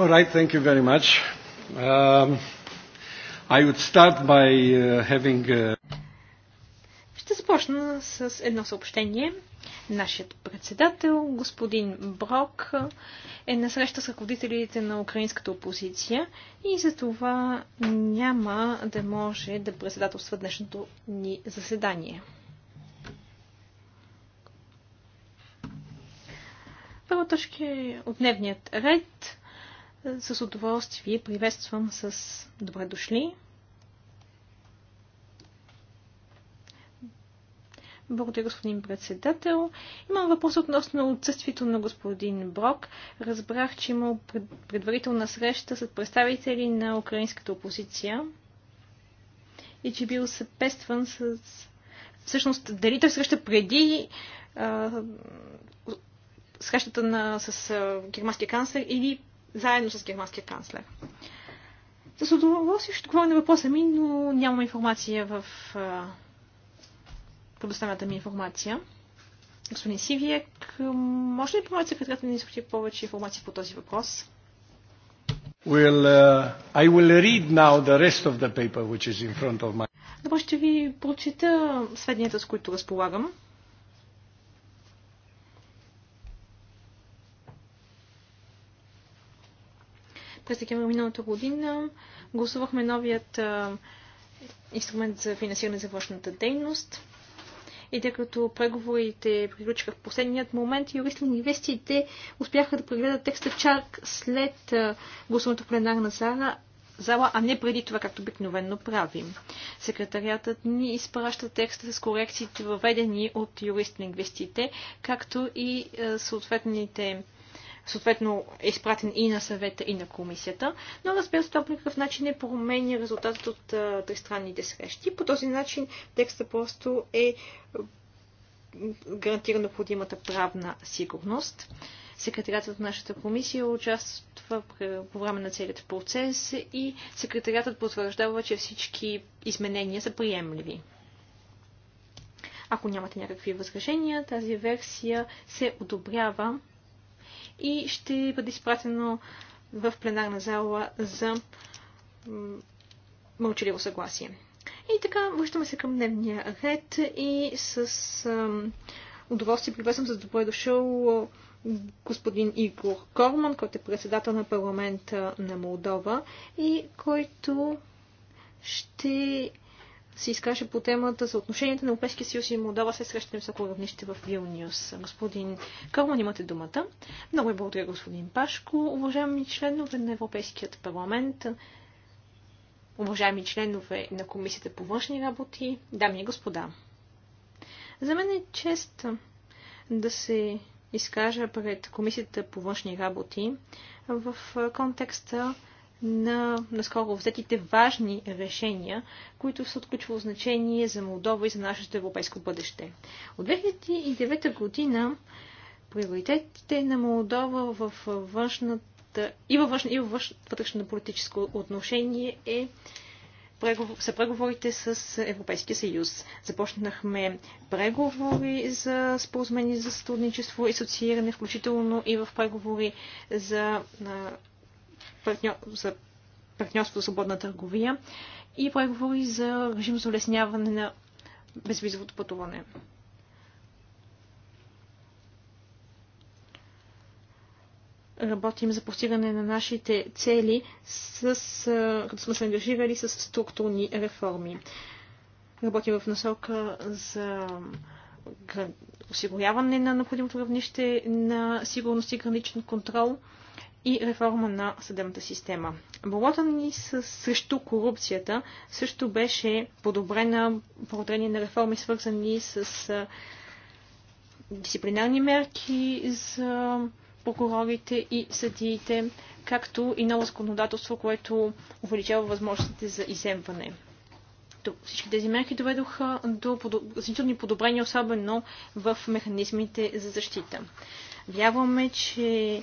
All right, thank you very much. Um, I would start by uh, having... Uh, Ще започна с едно съобщение. Нашият председател, господин Брок, е на среща с ръководителите на украинската опозиция и за това няма да може да председателства днешното ни заседание. Първа точка е от дневният ред с удоволствие приветствам с добре дошли. Благодаря, господин председател. Имам въпрос относно отсъствието на господин Брок. Разбрах, че е има предварителна среща с представители на украинската опозиция и че бил съпестван с... Всъщност, дали той среща преди а, срещата на, с германския канцлер или заедно с германския канцлер. С удоволствие ще отговоря на въпроса ми, но нямам информация в предоставената ми информация. Господин Сивиек, може ли помолите секретарят да ни съобщи повече информация по този въпрос? Will, uh, I will read now the rest of the paper, which is in front of my... Добре, ще ви прочита сведенията, с които разполагам. През декември миналата година гласувахме новият инструмент за финансиране за външната дейност. И тъй като преговорите приключиха в последният момент, юристите на инвестиите успяха да прегледат текста чак след гласуването в пленарна зала, зала, а не преди това, както обикновено правим. Секретариатът ни изпраща текста с корекциите, въведени от на инвестиите, както и съответните съответно е изпратен и на съвета, и на комисията. Но разбира се, това по никакъв начин не променя резултатът от а, тристранните срещи. По този начин текста просто е гарантира необходимата правна сигурност. Секретарятът на нашата комисия участва по време на целият процес и секретарятът потвърждава, че всички изменения са приемливи. Ако нямате някакви възражения, тази версия се одобрява и ще бъде изпратено в пленарна зала за мълчаливо съгласие. И така, връщаме се към дневния ред и с ам, удоволствие приветствам с добре дошъл господин Игор Корман, който е председател на парламента на Молдова и който ще се изкаже по темата за отношенията на Европейския съюз и Молдова се среща с високо равнище в Вилниус. Господин Кълман, имате думата. Много ви благодаря, господин Пашко. Уважаеми членове на Европейският парламент, уважаеми членове на Комисията по външни работи, дами и господа. За мен е чест да се изкажа пред Комисията по външни работи в контекста на наскоро взетите важни решения, които са от ключово значение за Молдова и за нашето европейско бъдеще. От 2009 година приоритетите на Молдова в външната, и във външна, и във вътрешно политическо отношение е са преговорите с Европейския съюз. Започнахме преговори за споразумение за сътрудничество и асоцииране, включително и в преговори за партньор, за партньорство за свободна търговия и преговори за режим за улесняване на безвизовото пътуване. Работим за постигане на нашите цели, с, като сме се ангажирали с структурни реформи. Работим в насока за осигуряване на необходимото равнище на сигурност и граничен контрол – и реформа на съдебната система. Болота ни срещу корупцията също беше подобрена благодарение на реформи, свързани с дисциплинарни мерки за прокурорите и съдиите, както и ново законодателство, което увеличава възможностите за иземване. Всички тези мерки доведоха до значителни подобрения, особено в механизмите за защита. Вярваме, че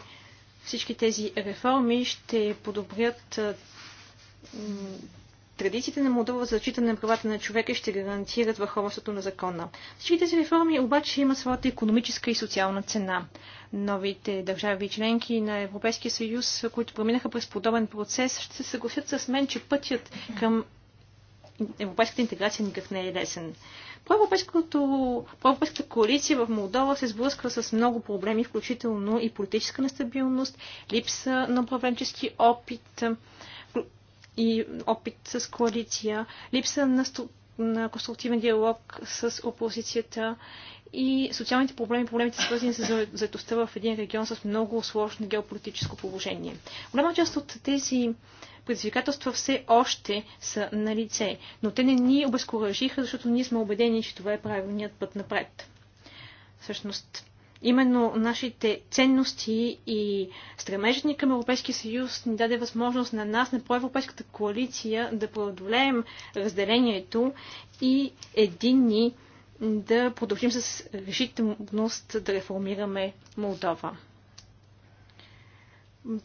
всички тези реформи ще подобрят традициите на Молдова за зачитане на правата на човека и ще гарантират върховенството на закона. Всички тези реформи обаче имат своята економическа и социална цена. Новите държави членки на Европейския съюз, които проминаха през подобен процес, ще се съгласят с мен, че пътят към европейската интеграция никак не е лесен. Проевропейската коалиция в Молдова се сблъсква с много проблеми, включително и политическа нестабилност, липса на управленчески опит и опит с коалиция, липса на, на конструктивен диалог с опозицията и социалните проблеми, проблемите свързани с заедостта в един регион с много сложно геополитическо положение. Голяма част от тези предизвикателства все още са на лице, но те не ни обезкуражиха, защото ние сме убедени, че това е правилният път напред. Всъщност, именно нашите ценности и стремежни към Европейския съюз ни даде възможност на нас, на проевропейската коалиция, да преодолеем разделението и единни да продължим с решителност да реформираме Молдова.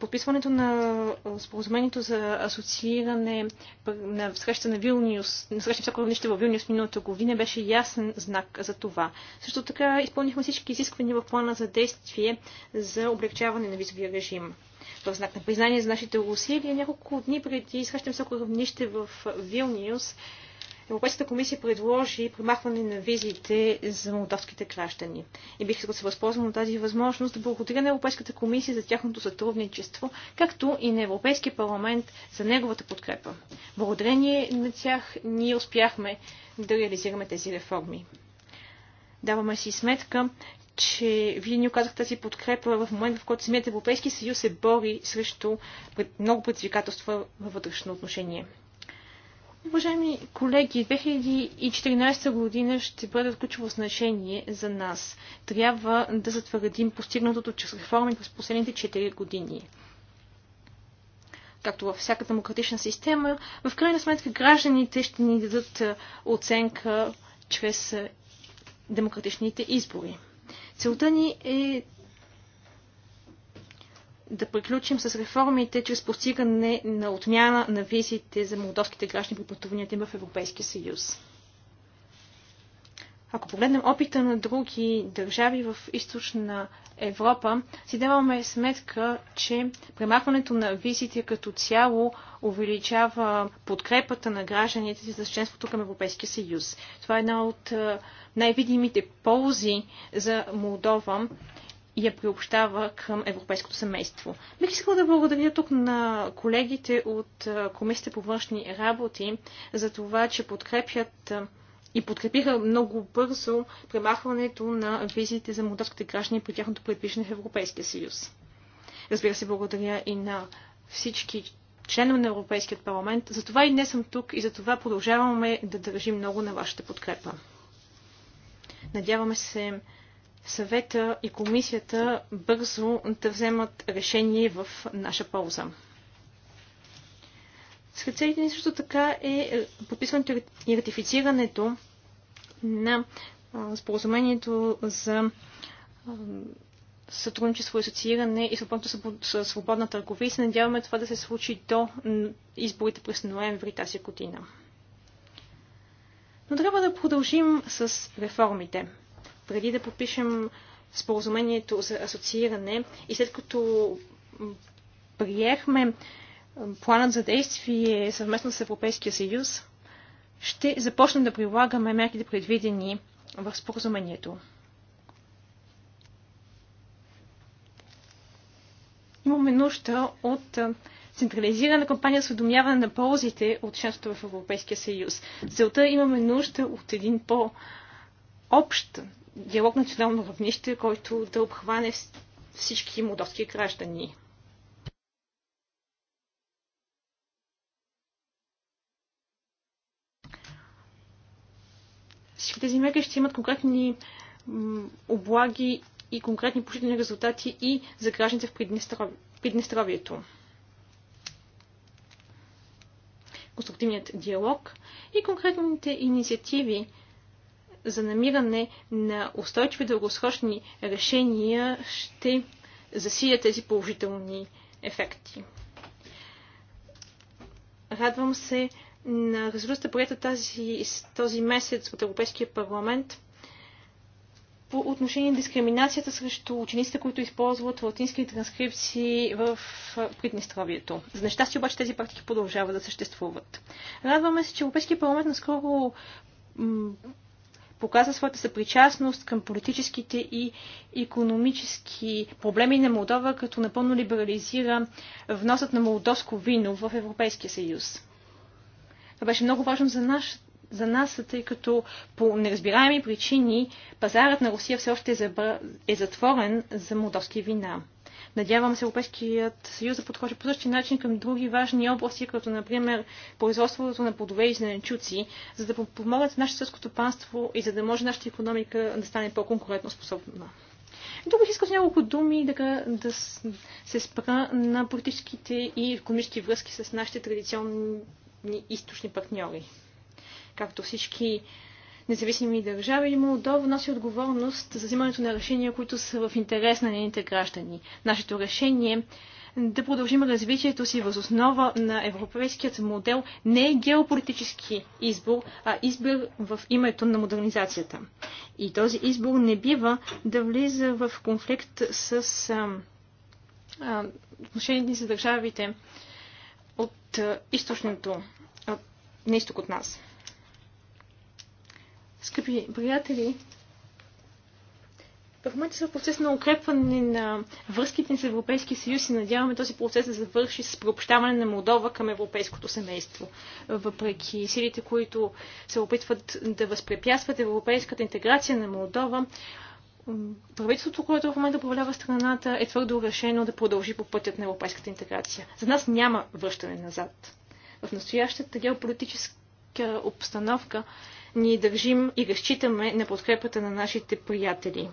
Подписването на споразумението за асоцииране на среща на Вилниус, на среща всяко равнище в Вилниус миналата година беше ясен знак за това. Също така изпълнихме всички изисквания в плана за действие за облегчаване на визовия режим. В знак на признание за нашите усилия няколко дни преди срещам всяко равнище в Вилниус Европейската комисия предложи примахване на визите за молдовските граждани. И бих искал да се възползвам от тази възможност да благодаря на Европейската комисия за тяхното сътрудничество, както и на Европейския парламент за неговата подкрепа. Благодарение на тях ние успяхме да реализираме тези реформи. Даваме си сметка, че вие ни оказах тази подкрепа в момента, в който самият Европейски съюз се бори срещу много предизвикателства във вътрешно отношение. Уважаеми колеги, 2014 година ще бъде от ключово значение за нас. Трябва да затвърдим постигнатото чрез реформи през последните 4 години. Както във всяка демократична система, в крайна сметка гражданите ще ни дадат оценка чрез демократичните избори. Целта ни е да приключим с реформите чрез постигане на отмяна на визите за молдовските граждани по пътуванията им в Европейския съюз. Ако погледнем опита на други държави в източна Европа, си даваме сметка, че премахването на визите като цяло увеличава подкрепата на гражданите за членството към Европейския съюз. Това е една от най-видимите ползи за Молдова и я приобщава към европейското семейство. Бих искала да благодаря тук на колегите от Комисията по външни работи за това, че подкрепят и подкрепиха много бързо премахването на визите за молдавските граждани при тяхното предвиждане в Европейския съюз. Разбира се, благодаря и на всички членове на Европейският парламент. Затова и днес съм тук и затова продължаваме да държим много на вашата подкрепа. Надяваме се съвета и комисията бързо да вземат решение в наша полза. Сред целите ни също така е подписването и ратифицирането на споразумението за сътрудничество и асоцииране и свободната, свободна търговия и се надяваме това да се случи до изборите през ноември тази година. Но трябва да продължим с реформите преди да подпишем споразумението за асоцииране и след като приехме планът за действие съвместно с Европейския съюз, ще започнем да прилагаме мерките предвидени в споразумението. Имаме нужда от централизирана кампания с уведомяване на ползите от членството в Европейския съюз. Целта имаме нужда от един по-общ диалог на национално равнище, който да обхване всички молдовски граждани. Всички тези мерки ще имат конкретни облаги и конкретни положителни резултати и за гражданите в Приднестровието. Конструктивният диалог и конкретните инициативи, за намиране на устойчиви дългосрочни решения ще засилят тези положителни ефекти. Радвам се на резолюцията, приятел тази, този месец от Европейския парламент по отношение на дискриминацията срещу учениците, които използват латински транскрипции в Приднестровието. За нещастие обаче тези практики продължават да съществуват. Радваме се, че Европейския парламент наскоро показа своята съпричастност към политическите и економически проблеми на Молдова, като напълно либерализира вносът на молдовско вино в Европейския съюз. Това беше много важно за наш, за нас, тъй като по неразбираеми причини пазарът на Русия все още е, е затворен за молдовски вина. Надявам се Европейският съюз да подхожда по същия начин към други важни области, като например производството на плодове и зеленчуци, за да подпомогнат нашето селско стопанство и за да може нашата економика да стане по-конкурентно способна. тук бих искал с няколко думи да, да се спра на политическите и економически връзки с нашите традиционни източни партньори. Както всички независими държави, Молдова носи отговорност за взимането на решения, които са в интерес на нейните граждани. Нашето решение е да продължим развитието си въз основа на европейският модел не е геополитически избор, а избор в името на модернизацията. И този избор не бива да влиза в конфликт с отношението ни с държавите от източното, от, на изток от нас. Скъпи приятели, в момента са в процес на укрепване на връзките ни с Европейския съюз и надяваме този процес да завърши с приобщаване на Молдова към европейското семейство. Въпреки силите, които се опитват да възпрепятстват европейската интеграция на Молдова, правителството, което в момента управлява страната, е твърдо решено да продължи по пътят на европейската интеграция. За нас няма връщане назад. В настоящата геополитическа обстановка ние държим и разчитаме на подкрепата на нашите приятели.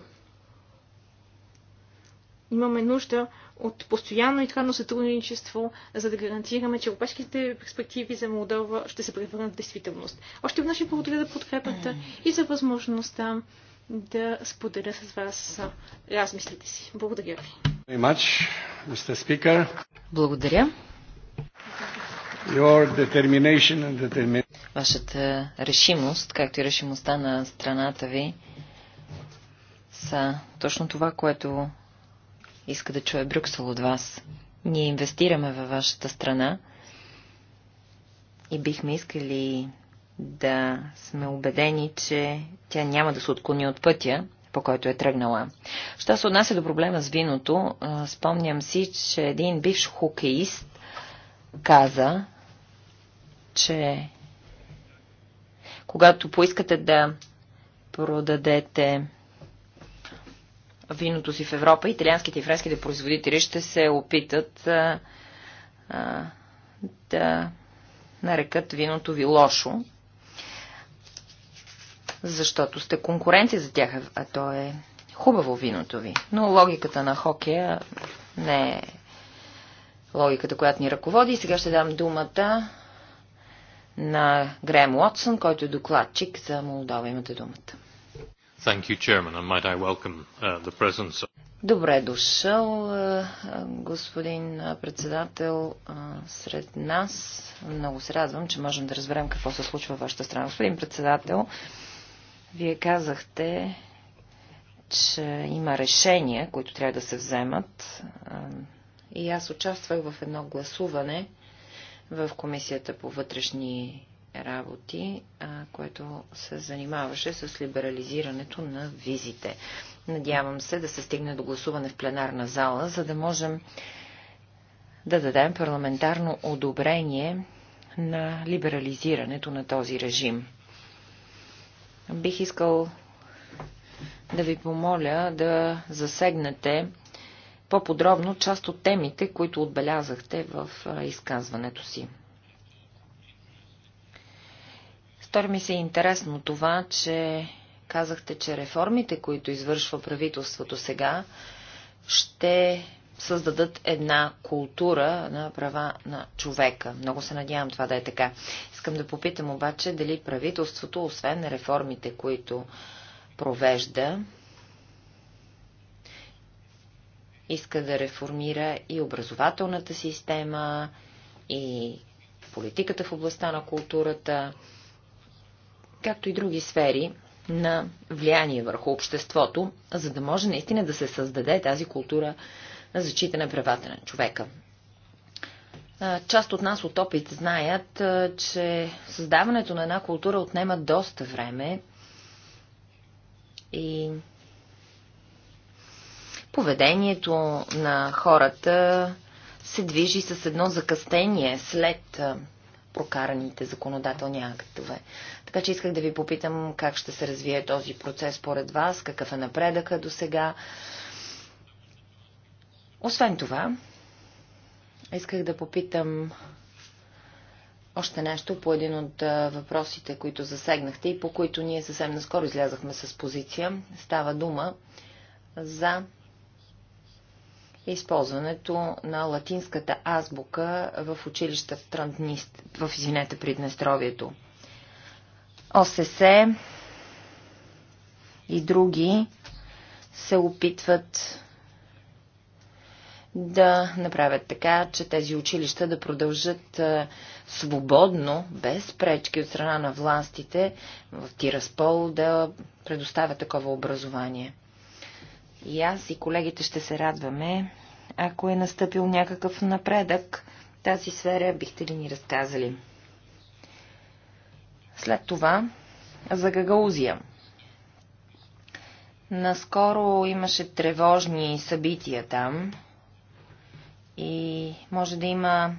Имаме нужда от постоянно и трудно сътрудничество, за да гарантираме, че европейските перспективи за Молдова ще се превърнат в действителност. Още веднъж ви благодаря за подкрепата и за възможността да споделя с вас размислите си. Благодаря ви. Благодаря. Вашата решимост, както и решимостта на страната ви, са точно това, което иска да чуе Брюксел от вас. Ние инвестираме във вашата страна и бихме искали да сме убедени, че тя няма да се отклони от пътя, по който е тръгнала. Що се отнася до проблема с виното, спомням си, че един бивш хокеист каза, че когато поискате да продадете виното си в Европа, италианските и френските производители ще се опитат а, а, да нарекат виното ви лошо, защото сте конкуренция за тях, а то е хубаво виното ви. Но логиката на хокея не е логиката, която ни ръководи. Сега ще дам думата на Грем Уотсън, който е докладчик за Молдова. Имате думата. Thank you, Chairman, and might I welcome uh, the presence of... Добре дошъл, uh, uh, господин uh, председател, сред нас. Много се радвам, че можем да разберем какво се случва в вашата страна. Господин председател, вие казахте, че има решения, които трябва да се вземат и аз участвах в едно гласуване в Комисията по вътрешни работи, което се занимаваше с либерализирането на визите. Надявам се да се стигне до гласуване в пленарна зала, за да можем да дадем парламентарно одобрение на либерализирането на този режим. Бих искал да ви помоля да засегнете по-подробно част от темите, които отбелязахте в изказването си. Стори ми се интересно това, че казахте, че реформите, които извършва правителството сега, ще създадат една култура на права на човека. Много се надявам това да е така. Искам да попитам обаче дали правителството, освен реформите, които провежда, иска да реформира и образователната система, и политиката в областта на културата, както и други сфери на влияние върху обществото, за да може наистина да се създаде тази култура на на правата на човека. Част от нас от опит знаят, че създаването на една култура отнема доста време и поведението на хората се движи с едно закъстение след прокараните законодателни актове. Така че исках да ви попитам как ще се развие този процес поред вас, какъв е напредъка до сега. Освен това, исках да попитам още нещо по един от въпросите, които засегнахте и по които ние съвсем наскоро излязахме с позиция. Става дума за използването на латинската азбука в училища в, Транднист, в извинете, при Днестровието. ОСС и други се опитват да направят така, че тези училища да продължат свободно, без пречки от страна на властите в Тираспол да предоставят такова образование. И аз и колегите ще се радваме ако е настъпил някакъв напредък тази сфера, бихте ли ни разказали? След това за Гагаузия. Наскоро имаше тревожни събития там и може да има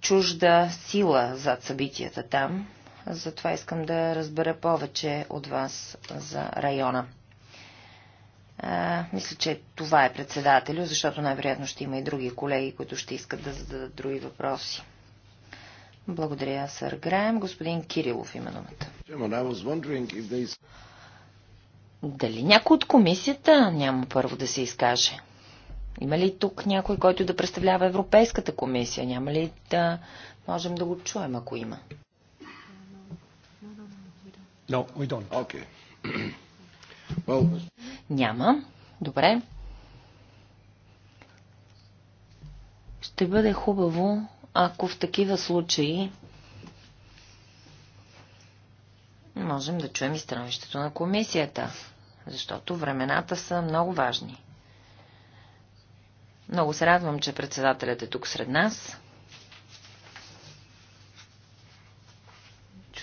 чужда сила зад събитията там. Затова искам да разбера повече от вас за района. А, мисля, че това е председателю, защото най-вероятно ще има и други колеги, които ще искат да зададат други въпроси. Благодаря, сър Граем. Господин Кирилов има думата. Дали някой от комисията няма първо да се изкаже? Има ли тук някой, който да представлява Европейската комисия? Няма ли да можем да го чуем, ако има? No, we don't. Okay. Няма. Добре. Ще бъде хубаво, ако в такива случаи можем да чуем и становището на комисията, защото времената са много важни. Много се радвам, че председателят е тук сред нас.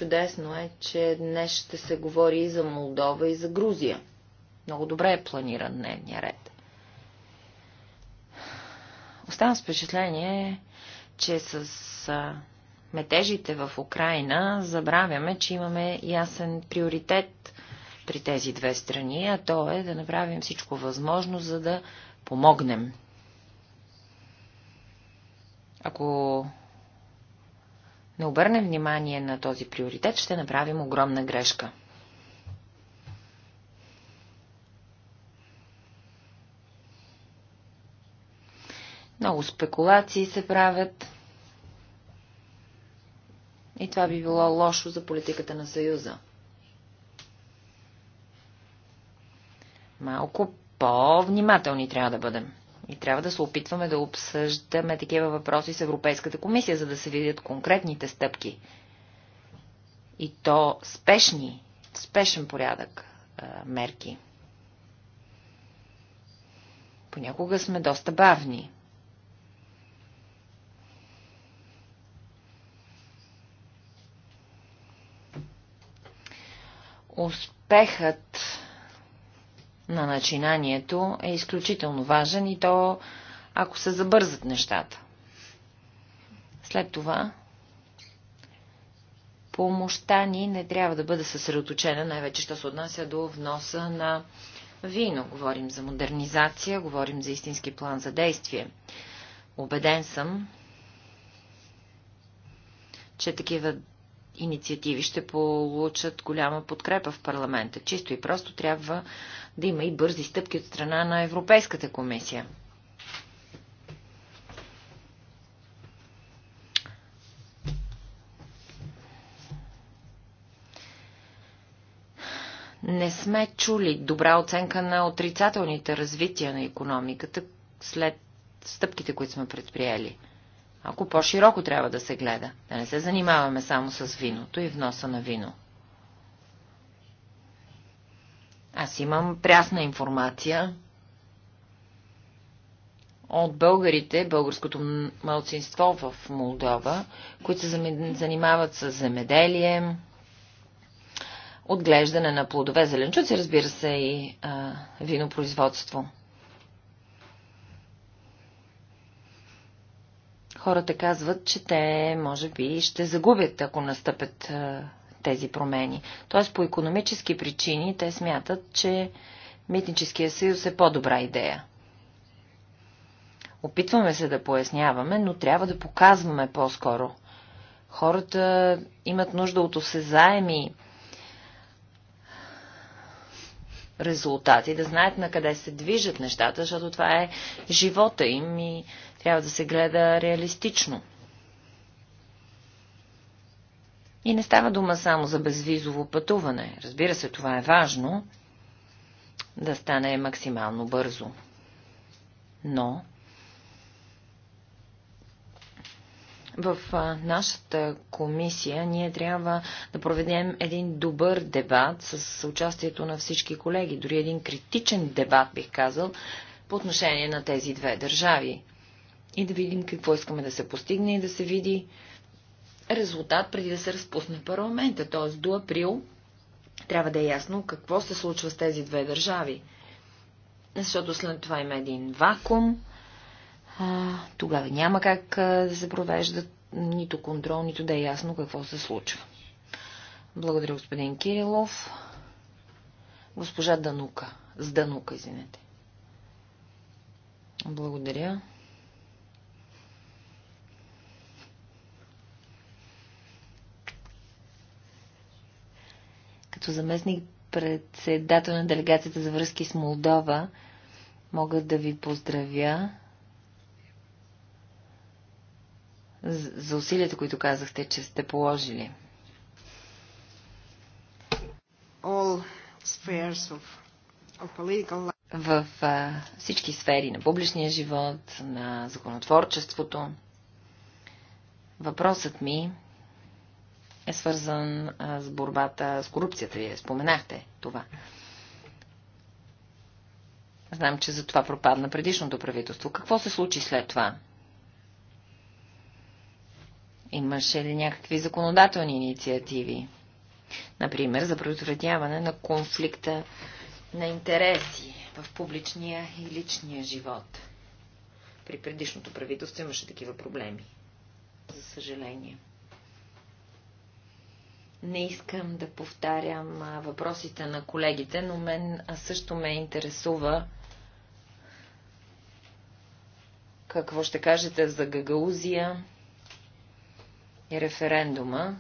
Чудесно е, че днес ще се говори и за Молдова, и за Грузия. Много добре е планиран дневния ред. Оставам с впечатление, че с метежите в Украина забравяме, че имаме ясен приоритет при тези две страни, а то е да направим всичко възможно, за да помогнем. Ако не обърнем внимание на този приоритет, ще направим огромна грешка. Много спекулации се правят. И това би било лошо за политиката на Съюза. Малко по-внимателни трябва да бъдем. И трябва да се опитваме да обсъждаме такива въпроси с Европейската комисия, за да се видят конкретните стъпки. И то спешни, спешен порядък мерки. Понякога сме доста бавни. Успехът на начинанието е изключително важен и то ако се забързат нещата. След това помощта ни не трябва да бъде съсредоточена, най-вече що се отнася до вноса на вино. Говорим за модернизация, говорим за истински план за действие. Обеден съм, че такива инициативи ще получат голяма подкрепа в парламента. Чисто и просто трябва да има и бързи стъпки от страна на Европейската комисия. не сме чули добра оценка на отрицателните развития на економиката след стъпките, които сме предприели. Ако по-широко трябва да се гледа, да не се занимаваме само с виното и вноса на вино. Аз имам прясна информация от българите, българското малцинство в Молдова, които се занимават с земеделие, отглеждане на плодове, зеленчуци, разбира се, и а, винопроизводство. Хората казват, че те, може би, ще загубят, ако настъпят а, тези промени. Тоест по економически причини те смятат, че Митническия съюз е по-добра идея. Опитваме се да поясняваме, но трябва да показваме по-скоро. Хората имат нужда от осезаеми резултати, да знаят на къде се движат нещата, защото това е живота им и трябва да се гледа реалистично. И не става дума само за безвизово пътуване. Разбира се, това е важно да стане максимално бързо. Но в нашата комисия ние трябва да проведем един добър дебат с участието на всички колеги, дори един критичен дебат, бих казал, по отношение на тези две държави. И да видим какво искаме да се постигне и да се види резултат преди да се разпусне парламента, т.е. до април трябва да е ясно какво се случва с тези две държави. Защото след това има един вакуум, а, тогава няма как а, да се провеждат нито контрол, нито да е ясно какво се случва. Благодаря, господин Кирилов. Госпожа Данука. С Данука, извинете. Благодаря. като заместник председател на делегацията за връзки с Молдова, мога да ви поздравя за усилията, които казахте, че сте положили. All spheres of, of political life. В а, всички сфери на публичния живот, на законотворчеството. Въпросът ми е е свързан с борбата с корупцията. Вие споменахте това. Знам, че за това пропадна предишното правителство. Какво се случи след това? Имаше ли някакви законодателни инициативи? Например, за предотвратяване на конфликта на интереси в публичния и личния живот. При предишното правителство имаше такива проблеми. За съжаление. Не искам да повтарям въпросите на колегите, но мен също ме интересува какво ще кажете за Гагаузия и референдума.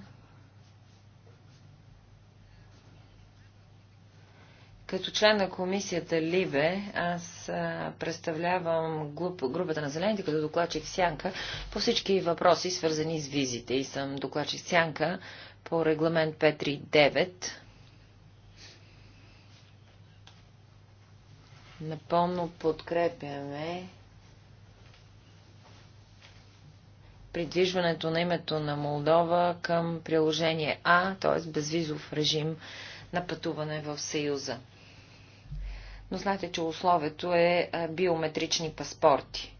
Като член на комисията Либе, аз представлявам групата на зелените като докладчик Сянка по всички въпроси, свързани с визите. И съм докладчик Сянка по регламент 539. Напълно подкрепяме придвижването на името на Молдова към приложение А, т.е. безвизов режим на пътуване в Съюза но знаете, че условието е биометрични паспорти.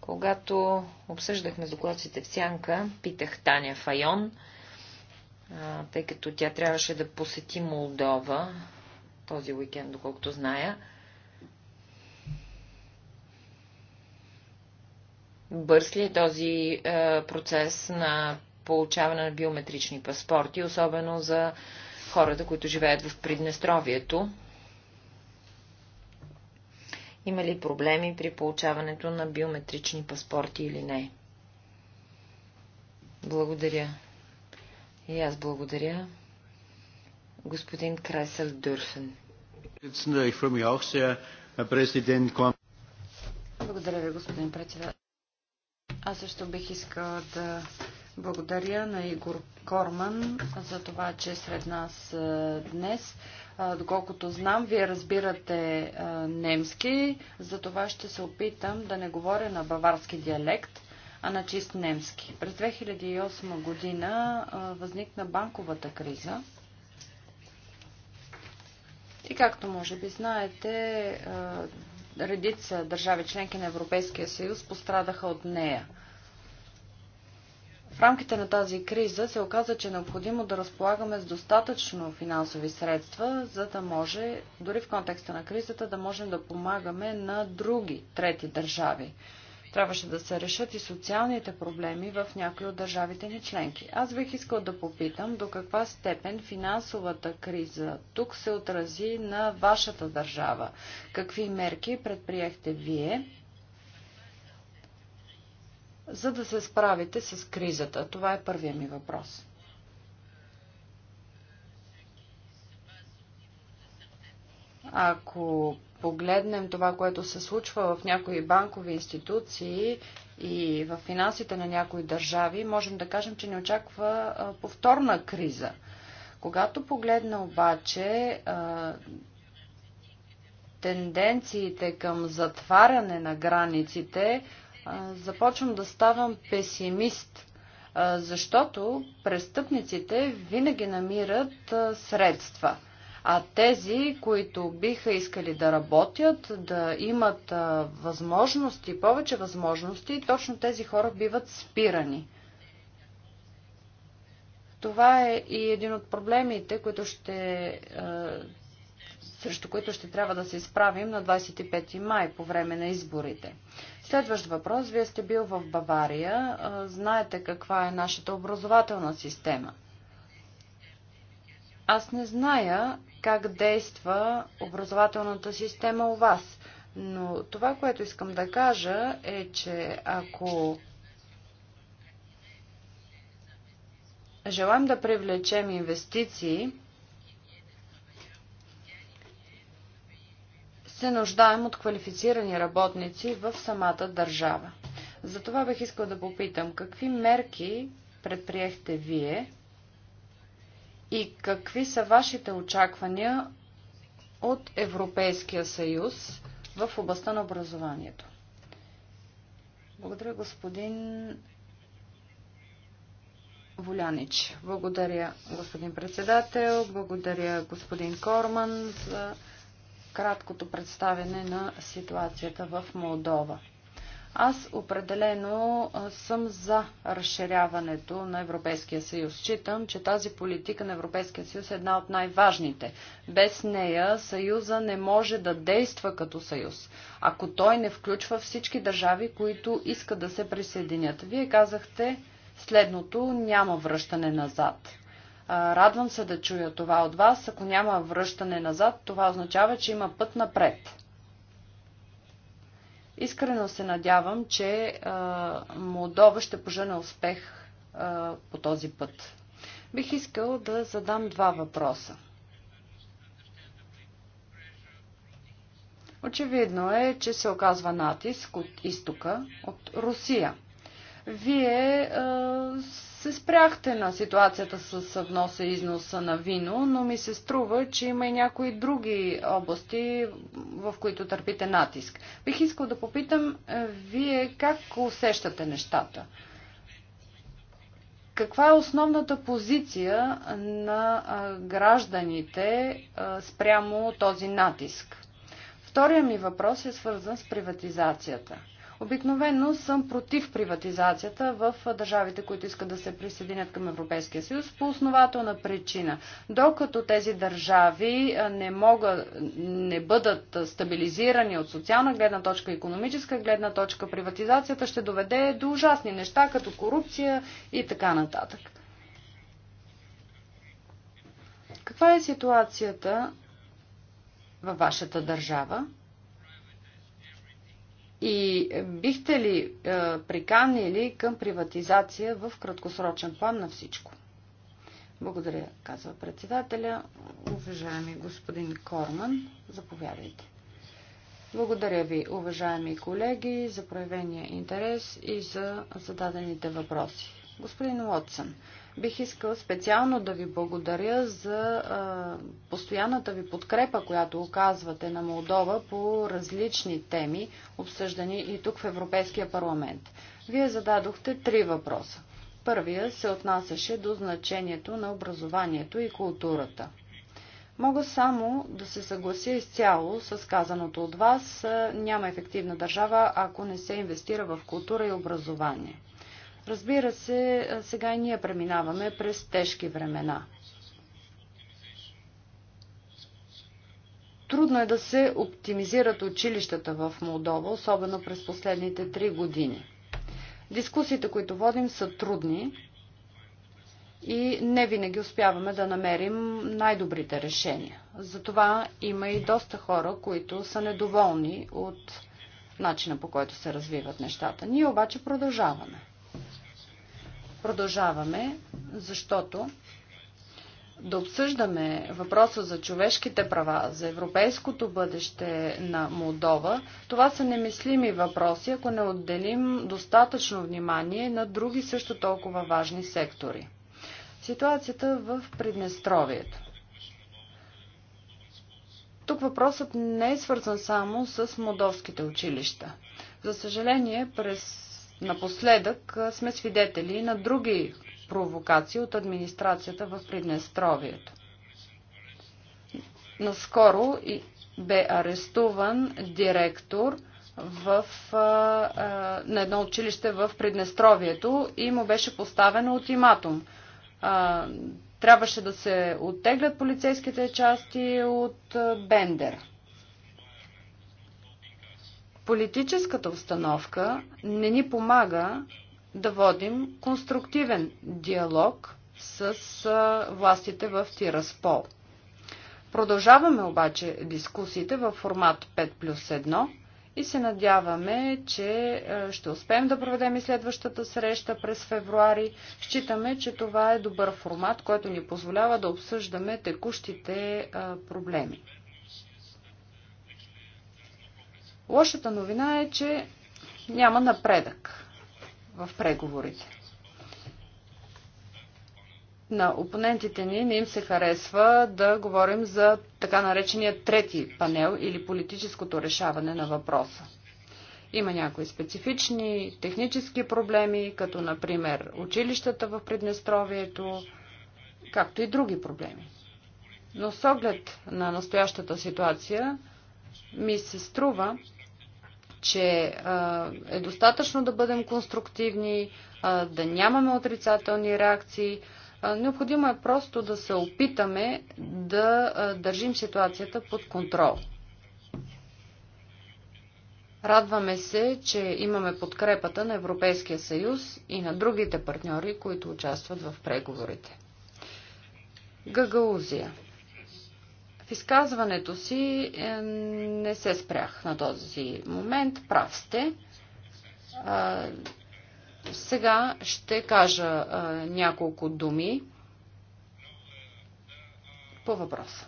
Когато обсъждахме с докладците в Сянка, питах Таня Файон, тъй като тя трябваше да посети Молдова този уикенд, доколкото зная. Бърз ли е този процес на получаване на биометрични паспорти, особено за хората, които живеят в Приднестровието? има ли проблеми при получаването на биометрични паспорти или не. Благодаря. И аз благодаря. Господин Кресел Дюрфен. Благодаря ви, господин председател. Аз също бих искала да благодаря на Игор Корман за това, че е сред нас днес. Доколкото знам, вие разбирате немски, за това ще се опитам да не говоря на баварски диалект, а на чист немски. През 2008 година възникна банковата криза. И както може би знаете, редица държави членки на Европейския съюз пострадаха от нея – в рамките на тази криза се оказа, че е необходимо да разполагаме с достатъчно финансови средства, за да може, дори в контекста на кризата, да можем да помагаме на други трети държави. Трябваше да се решат и социалните проблеми в някои от държавите ни членки. Аз бих искал да попитам до каква степен финансовата криза тук се отрази на вашата държава. Какви мерки предприехте вие? за да се справите с кризата? Това е първия ми въпрос. Ако погледнем това, което се случва в някои банкови институции и в финансите на някои държави, можем да кажем, че ни очаква повторна криза. Когато погледна обаче тенденциите към затваряне на границите, започвам да ставам песимист, защото престъпниците винаги намират средства. А тези, които биха искали да работят, да имат възможности, повече възможности, точно тези хора биват спирани. Това е и един от проблемите, които ще срещу които ще трябва да се изправим на 25 май по време на изборите. Следващ въпрос. Вие сте бил в Бавария. Знаете каква е нашата образователна система. Аз не зная как действа образователната система у вас, но това, което искам да кажа е, че ако желаем да привлечем инвестиции, се нуждаем от квалифицирани работници в самата държава. Затова бих искал да попитам, какви мерки предприехте вие и какви са вашите очаквания от Европейския съюз в областта на образованието? Благодаря, господин Волянич. Благодаря, господин председател. Благодаря, господин Корман, за краткото представяне на ситуацията в Молдова. Аз определено съм за разширяването на Европейския съюз. Читам, че тази политика на Европейския съюз е една от най-важните. Без нея съюза не може да действа като съюз, ако той не включва всички държави, които искат да се присъединят. Вие казахте следното, няма връщане назад. Радвам се да чуя това от вас. Ако няма връщане назад, това означава, че има път напред. Искрено се надявам, че Молдова ще пожена успех по този път. Бих искал да задам два въпроса. Очевидно е, че се оказва натиск от изтока, от Русия. Вие се спряхте на ситуацията с вноса и износа на вино, но ми се струва, че има и някои други области, в които търпите натиск. Бих искал да попитам, е, вие как усещате нещата? Каква е основната позиция на гражданите спрямо този натиск? Втория ми въпрос е свързан с приватизацията – Обикновено съм против приватизацията в държавите, които искат да се присъединят към Европейския съюз по основателна причина. Докато тези държави не могат, не бъдат стабилизирани от социална гледна точка, економическа гледна точка, приватизацията ще доведе до ужасни неща, като корупция и така нататък. Каква е ситуацията във вашата държава? И бихте ли е, приканили към приватизация в краткосрочен план на всичко? Благодаря, казва председателя. Уважаеми господин Корман, заповядайте. Благодаря ви, уважаеми колеги, за проявения интерес и за зададените въпроси. Господин Уотсън, Бих искала специално да ви благодаря за постоянната ви подкрепа, която оказвате на Молдова по различни теми, обсъждани и тук в Европейския парламент. Вие зададохте три въпроса. Първия се отнасяше до значението на образованието и културата. Мога само да се съглася изцяло с казаното от вас. Няма ефективна държава, ако не се инвестира в култура и образование. Разбира се, сега и ние преминаваме през тежки времена. Трудно е да се оптимизират училищата в Молдова, особено през последните три години. Дискусиите, които водим, са трудни и не винаги успяваме да намерим най-добрите решения. Затова има и доста хора, които са недоволни от начина по който се развиват нещата. Ние обаче продължаваме. Продължаваме, защото да обсъждаме въпроса за човешките права, за европейското бъдеще на Молдова, това са немислими въпроси, ако не отделим достатъчно внимание на други също толкова важни сектори. Ситуацията в Приднестровието. Тук въпросът не е свързан само с молдовските училища. За съжаление, през Напоследък сме свидетели на други провокации от администрацията в Приднестровието. Наскоро бе арестуван директор в, а, на едно училище в Приднестровието и му беше поставен ултиматум. А, трябваше да се оттеглят полицейските части от Бендер политическата установка не ни помага да водим конструктивен диалог с властите в Тираспол. Продължаваме обаче дискусиите в формат 5 плюс 1 и се надяваме, че ще успеем да проведем и следващата среща през февруари. Считаме, че това е добър формат, който ни позволява да обсъждаме текущите проблеми. Лошата новина е, че няма напредък в преговорите. На опонентите ни не им се харесва да говорим за така наречения трети панел или политическото решаване на въпроса. Има някои специфични технически проблеми, като например училищата в Приднестровието, както и други проблеми. Но с оглед на настоящата ситуация ми се струва, че е достатъчно да бъдем конструктивни, да нямаме отрицателни реакции. Необходимо е просто да се опитаме да държим ситуацията под контрол. Радваме се, че имаме подкрепата на Европейския съюз и на другите партньори, които участват в преговорите. Гагаузия изказването си е, не се спрях на този момент. Прав сте. Сега ще кажа няколко думи по въпроса.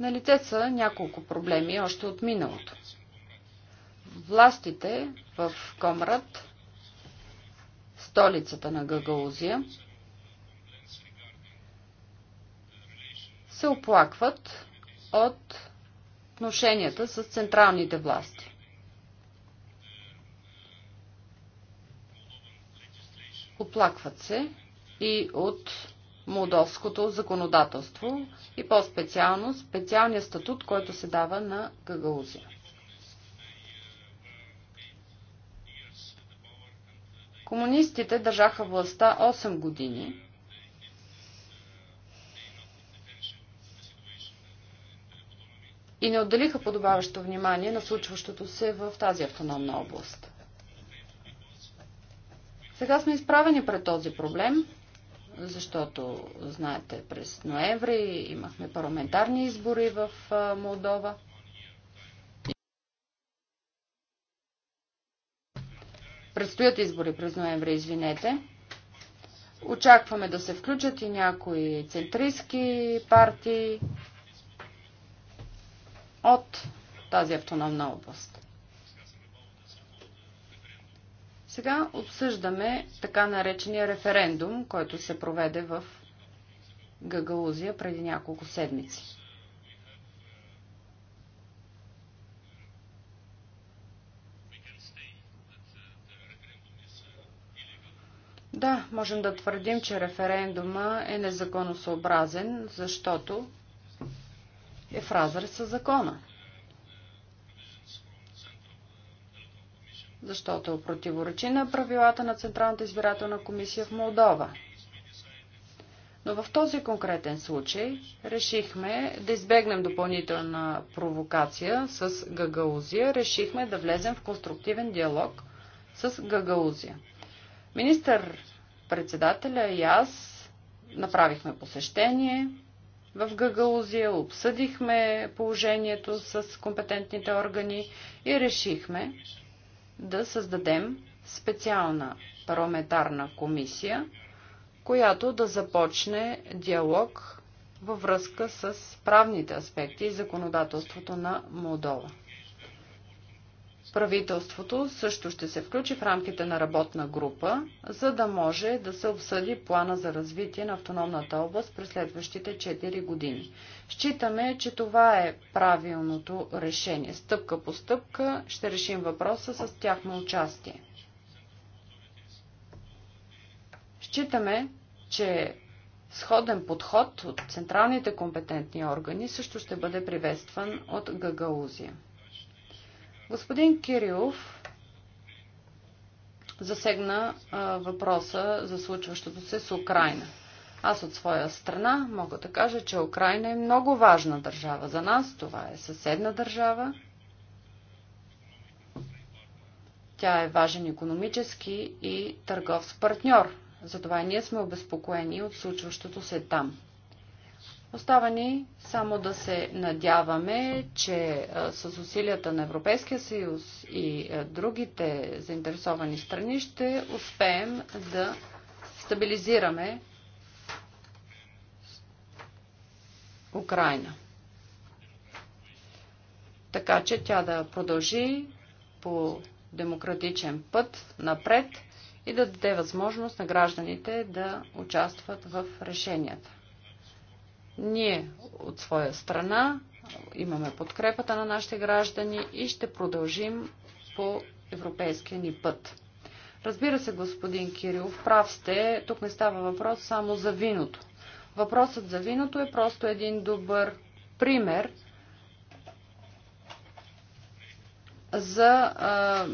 На лице са няколко проблеми още от миналото. Властите в Комрад, столицата на Гагаузия, се оплакват от отношенията с централните власти. Оплакват се и от молдовското законодателство и по-специално специалния статут, който се дава на Гагаузия. Комунистите държаха властта 8 години и не отделиха подобаващо внимание на случващото се в тази автономна област. Сега сме изправени пред този проблем, защото, знаете, през ноември имахме парламентарни избори в Молдова. Предстоят избори през ноември, извинете. Очакваме да се включат и някои центристски партии, от тази автономна област. Сега обсъждаме така наречения референдум, който се проведе в Гагаузия преди няколко седмици. Да, можем да твърдим, че референдума е незаконосъобразен, защото е в разрез с закона. Защото противоречи на правилата на Централната избирателна комисия в Молдова. Но в този конкретен случай решихме да избегнем допълнителна провокация с Гагаузия. Решихме да влезем в конструктивен диалог с Гагаузия. Министър председателя и аз направихме посещение, в Гагаузия, обсъдихме положението с компетентните органи и решихме да създадем специална парламентарна комисия, която да започне диалог във връзка с правните аспекти и законодателството на Молдова. Правителството също ще се включи в рамките на работна група, за да може да се обсъди плана за развитие на автономната област през следващите 4 години. Считаме, че това е правилното решение. Стъпка по стъпка ще решим въпроса с тяхно участие. Считаме, че сходен подход от централните компетентни органи също ще бъде приветстван от Гагаузия. Господин Кирилов засегна а, въпроса за случващото се с Украина. Аз от своя страна мога да кажа, че Украина е много важна държава за нас. Това е съседна държава. Тя е важен економически и търговски партньор. Затова ние сме обезпокоени от случващото се там. Остава ни само да се надяваме, че с усилията на Европейския съюз и другите заинтересовани страни ще успеем да стабилизираме Украина. Така че тя да продължи по демократичен път напред и да даде възможност на гражданите да участват в решенията. Ние от своя страна имаме подкрепата на нашите граждани и ще продължим по европейския ни път. Разбира се, господин Кирилов, прав сте, тук не става въпрос само за виното. Въпросът за виното е просто един добър пример за а,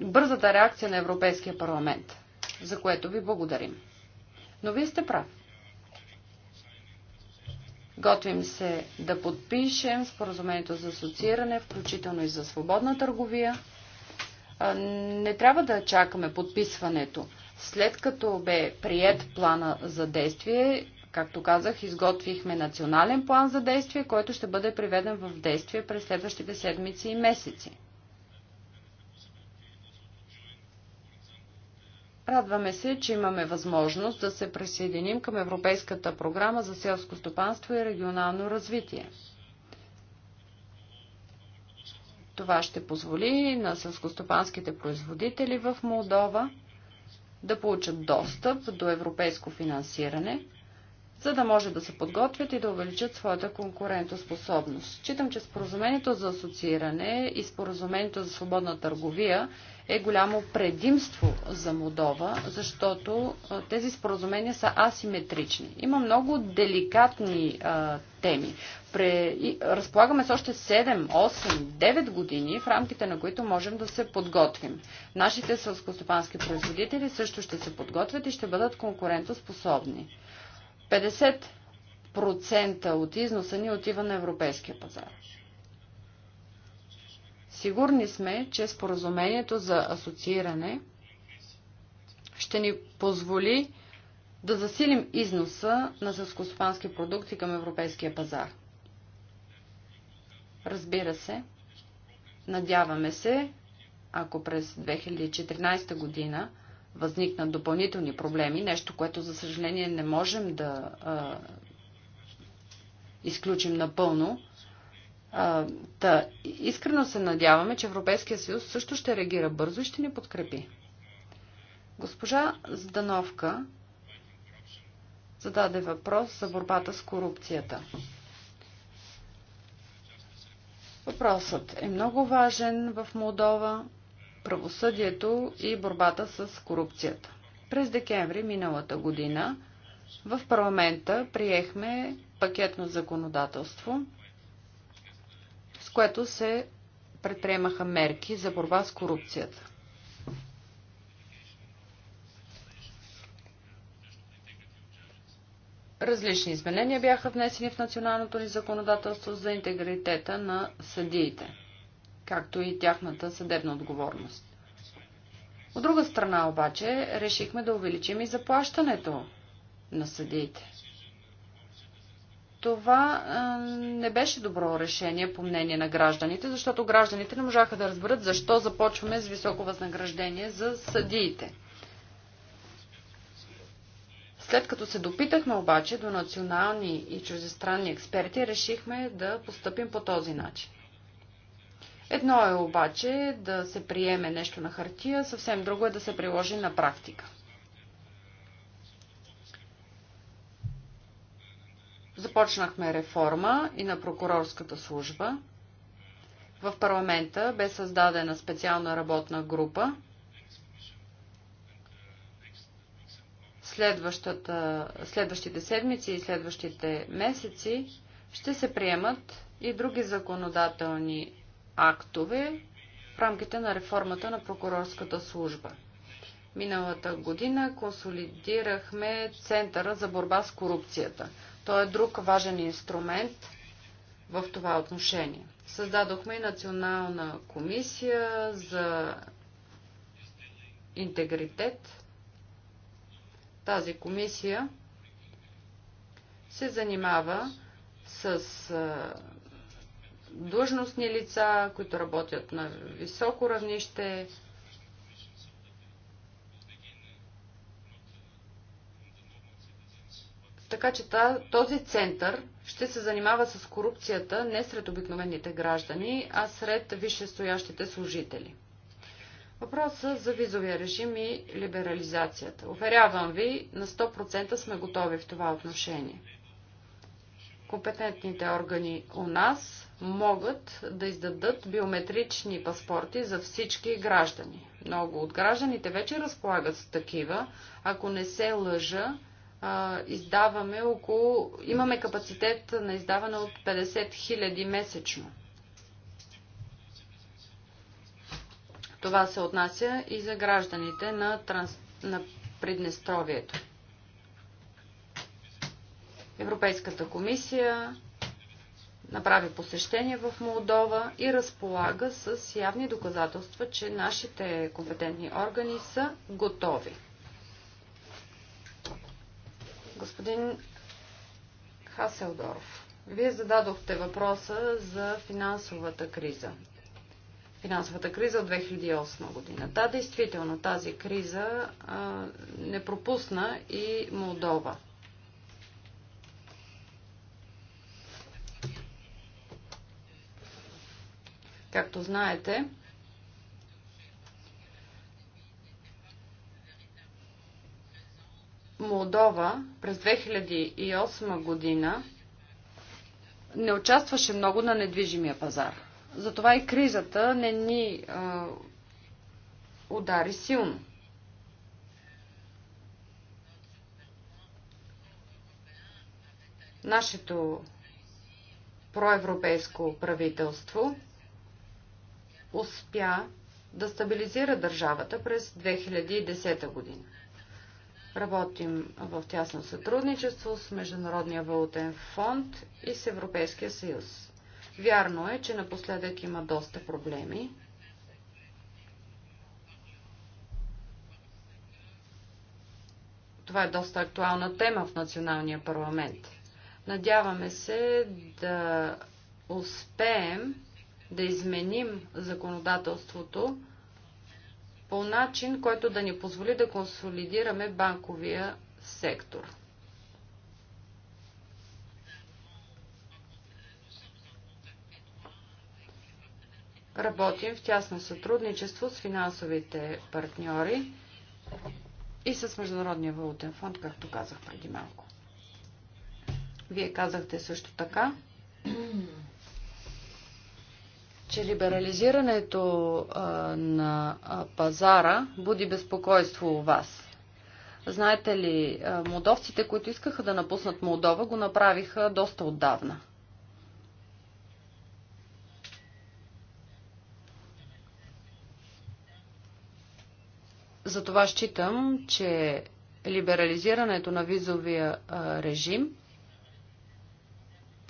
бързата реакция на Европейския парламент, за което ви благодарим. Но вие сте прав. Готвим се да подпишем споразумението за асоцииране, включително и за свободна търговия. Не трябва да чакаме подписването. След като бе прият плана за действие, както казах, изготвихме национален план за действие, който ще бъде приведен в действие през следващите седмици и месеци. Радваме се, че имаме възможност да се присъединим към Европейската програма за селско стопанство и регионално развитие. Това ще позволи на селскостопанските производители в Молдова да получат достъп до европейско финансиране, за да може да се подготвят и да увеличат своята конкурентоспособност. Читам, че споразумението за асоцииране и споразумението за свободна търговия е голямо предимство за Молдова, защото тези споразумения са асиметрични. Има много деликатни а, теми. Пре... Разполагаме с още 7, 8, 9 години, в рамките на които можем да се подготвим. Нашите сълскостопански производители също ще се подготвят и ще бъдат конкурентоспособни. 50% от износа ни отива на европейския пазар. Сигурни сме, че споразумението за асоцииране ще ни позволи да засилим износа на съскоспански продукти към европейския пазар. Разбира се, надяваме се, ако през 2014 година възникнат допълнителни проблеми, нещо, което за съжаление не можем да а, изключим напълно, Та, да, искрено се надяваме, че Европейския съюз също ще реагира бързо и ще ни подкрепи. Госпожа Здановка зададе въпрос за борбата с корупцията. Въпросът е много важен в Молдова, правосъдието и борбата с корупцията. През декември миналата година в парламента приехме пакетно законодателство – което се предприемаха мерки за борба с корупцията. Различни изменения бяха внесени в националното ни законодателство за интегритета на съдиите, както и тяхната съдебна отговорност. От друга страна обаче решихме да увеличим и заплащането на съдиите това а, не беше добро решение по мнение на гражданите, защото гражданите не можаха да разберат защо започваме с високо възнаграждение за съдиите. След като се допитахме обаче до национални и чуждестранни експерти, решихме да постъпим по този начин. Едно е обаче да се приеме нещо на хартия, съвсем друго е да се приложи на практика. Започнахме реформа и на прокурорската служба. В парламента бе създадена специална работна група. следващите седмици и следващите месеци ще се приемат и други законодателни актове в рамките на реформата на прокурорската служба. Миналата година консолидирахме Центъра за борба с корупцията. Той е друг важен инструмент в това отношение. Създадохме и Национална комисия за интегритет. Тази комисия се занимава с длъжностни лица, които работят на високо равнище, Така че този център ще се занимава с корупцията не сред обикновените граждани, а сред висшестоящите служители. Въпросът за визовия режим и либерализацията. Уверявам ви, на 100% сме готови в това отношение. Компетентните органи у нас могат да издадат биометрични паспорти за всички граждани. Много от гражданите вече разполагат с такива. Ако не се лъжа, издаваме около, имаме капацитет на издаване от 50 000 месечно. Това се отнася и за гражданите на, транс... на Приднестровието. Европейската комисия направи посещение в Молдова и разполага с явни доказателства, че нашите компетентни органи са готови. Господин Хаселдорф, вие зададохте въпроса за финансовата криза. Финансовата криза от 2008 година. Да, действително тази криза а, не пропусна и Молдова. Както знаете, Молдова през 2008 година не участваше много на недвижимия пазар. Затова и кризата не ни а, удари силно. Нашето проевропейско правителство успя да стабилизира държавата през 2010 година. Работим в тясно сътрудничество с Международния валутен фонд и с Европейския съюз. Вярно е, че напоследък има доста проблеми. Това е доста актуална тема в националния парламент. Надяваме се да успеем да изменим законодателството, по начин, който да ни позволи да консолидираме банковия сектор. Работим в тясно сътрудничество с финансовите партньори и с Международния валутен фонд, както казах преди малко. Вие казахте също така, че либерализирането а, на а, пазара буди безпокойство у вас. Знаете ли, а, молдовците, които искаха да напуснат Молдова, го направиха доста отдавна. Затова считам, че либерализирането на визовия режим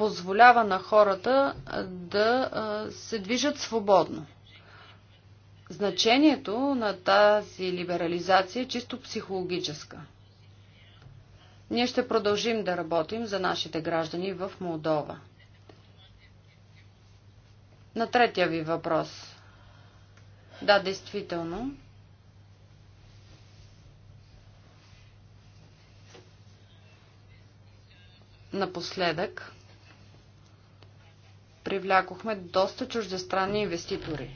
позволява на хората да се движат свободно. Значението на тази либерализация е чисто психологическа. Ние ще продължим да работим за нашите граждани в Молдова. На третия ви въпрос. Да, действително. Напоследък привлякохме доста чуждестранни инвеститори,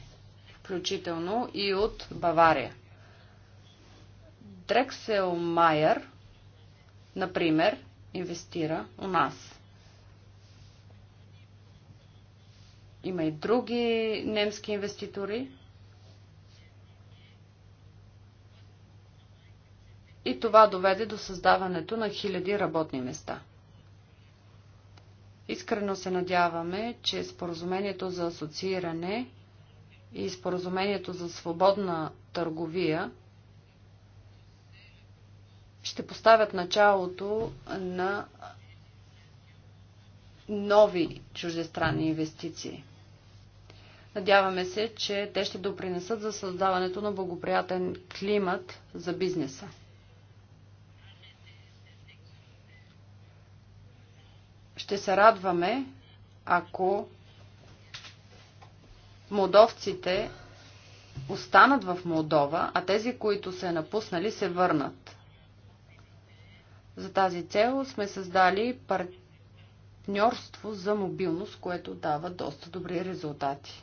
включително и от Бавария. Дрексел Майер, например, инвестира у нас. Има и други немски инвеститори. И това доведе до създаването на хиляди работни места. Искрено се надяваме, че споразумението за асоцииране и споразумението за свободна търговия ще поставят началото на нови чуждестранни инвестиции. Надяваме се, че те ще допринесат за създаването на благоприятен климат за бизнеса. Ще се радваме, ако молдовците останат в Молдова, а тези, които се напуснали, се върнат. За тази цел сме създали партньорство за мобилност, което дава доста добри резултати.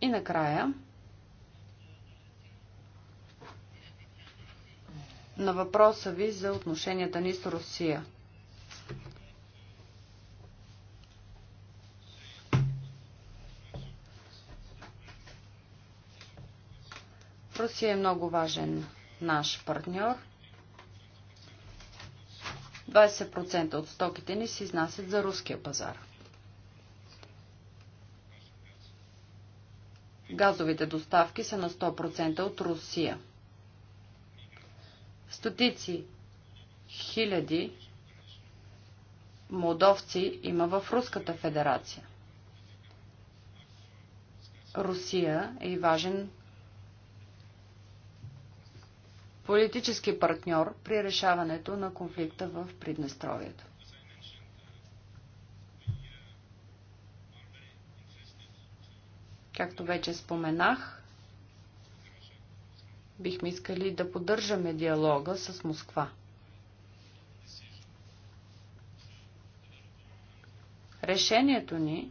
И накрая, на въпроса ви за отношенията ни с Русия. Русия е много важен наш партньор. 20% от стоките ни се изнасят за руския пазар. Газовите доставки са на 100% от Русия. Стотици хиляди молдовци има в Руската федерация. Русия е и важен политически партньор при решаването на конфликта в Приднестровието. Както вече споменах, бихме искали да поддържаме диалога с Москва. Решението ни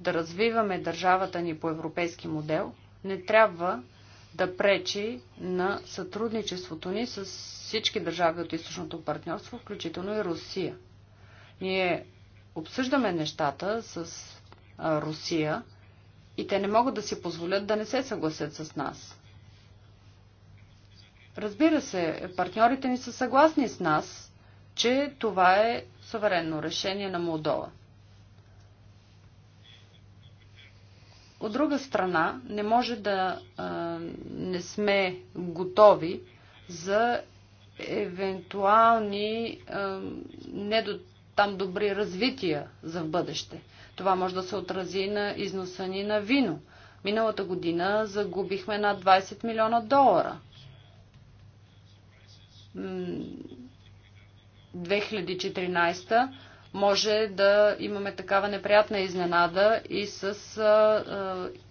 да развиваме държавата ни по европейски модел не трябва да пречи на сътрудничеството ни с всички държави от източното партньорство, включително и Русия. Ние обсъждаме нещата с а, Русия и те не могат да си позволят да не се съгласят с нас. Разбира се, партньорите ни са съгласни с нас, че това е суверенно решение на Молдова. От друга страна, не може да а, не сме готови за евентуални а, не до там добри развития за в бъдеще. Това може да се отрази на износа ни на вино. Миналата година загубихме над 20 милиона долара. 2014 може да имаме такава неприятна изненада и с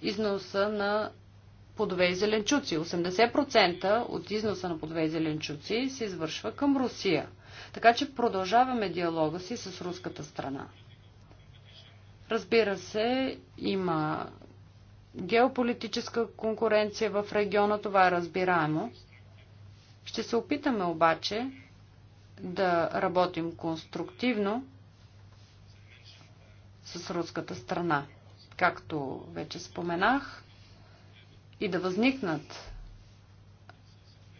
износа на плодове и зеленчуци. 80% от износа на плодове и зеленчуци се извършва към Русия. Така че продължаваме диалога си с руската страна. Разбира се, има геополитическа конкуренция в региона, това е разбираемо. Ще се опитаме обаче да работим конструктивно с руската страна. Както вече споменах, и да възникнат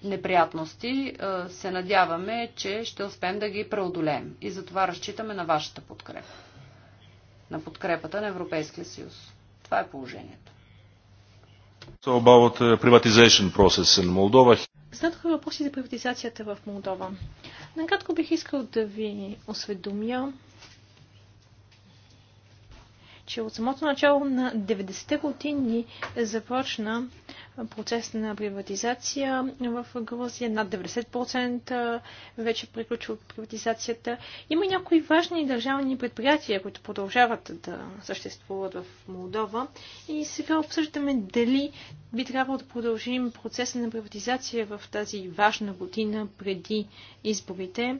неприятности, се надяваме, че ще успеем да ги преодолеем. И затова разчитаме на вашата подкрепа. На подкрепата на Европейския съюз. Това е положението. So about uh, privatization process in Moldova. въпроси за приватизацията в Молдова. Накратко бих искал да ви осведомя, че от самото начало на 90-те години започна процес на приватизация в Грузия. Над 90% вече приключва приватизацията. Има някои важни държавни предприятия, които продължават да съществуват в Молдова. И сега обсъждаме дали би трябвало да продължим процеса на приватизация в тази важна година преди изборите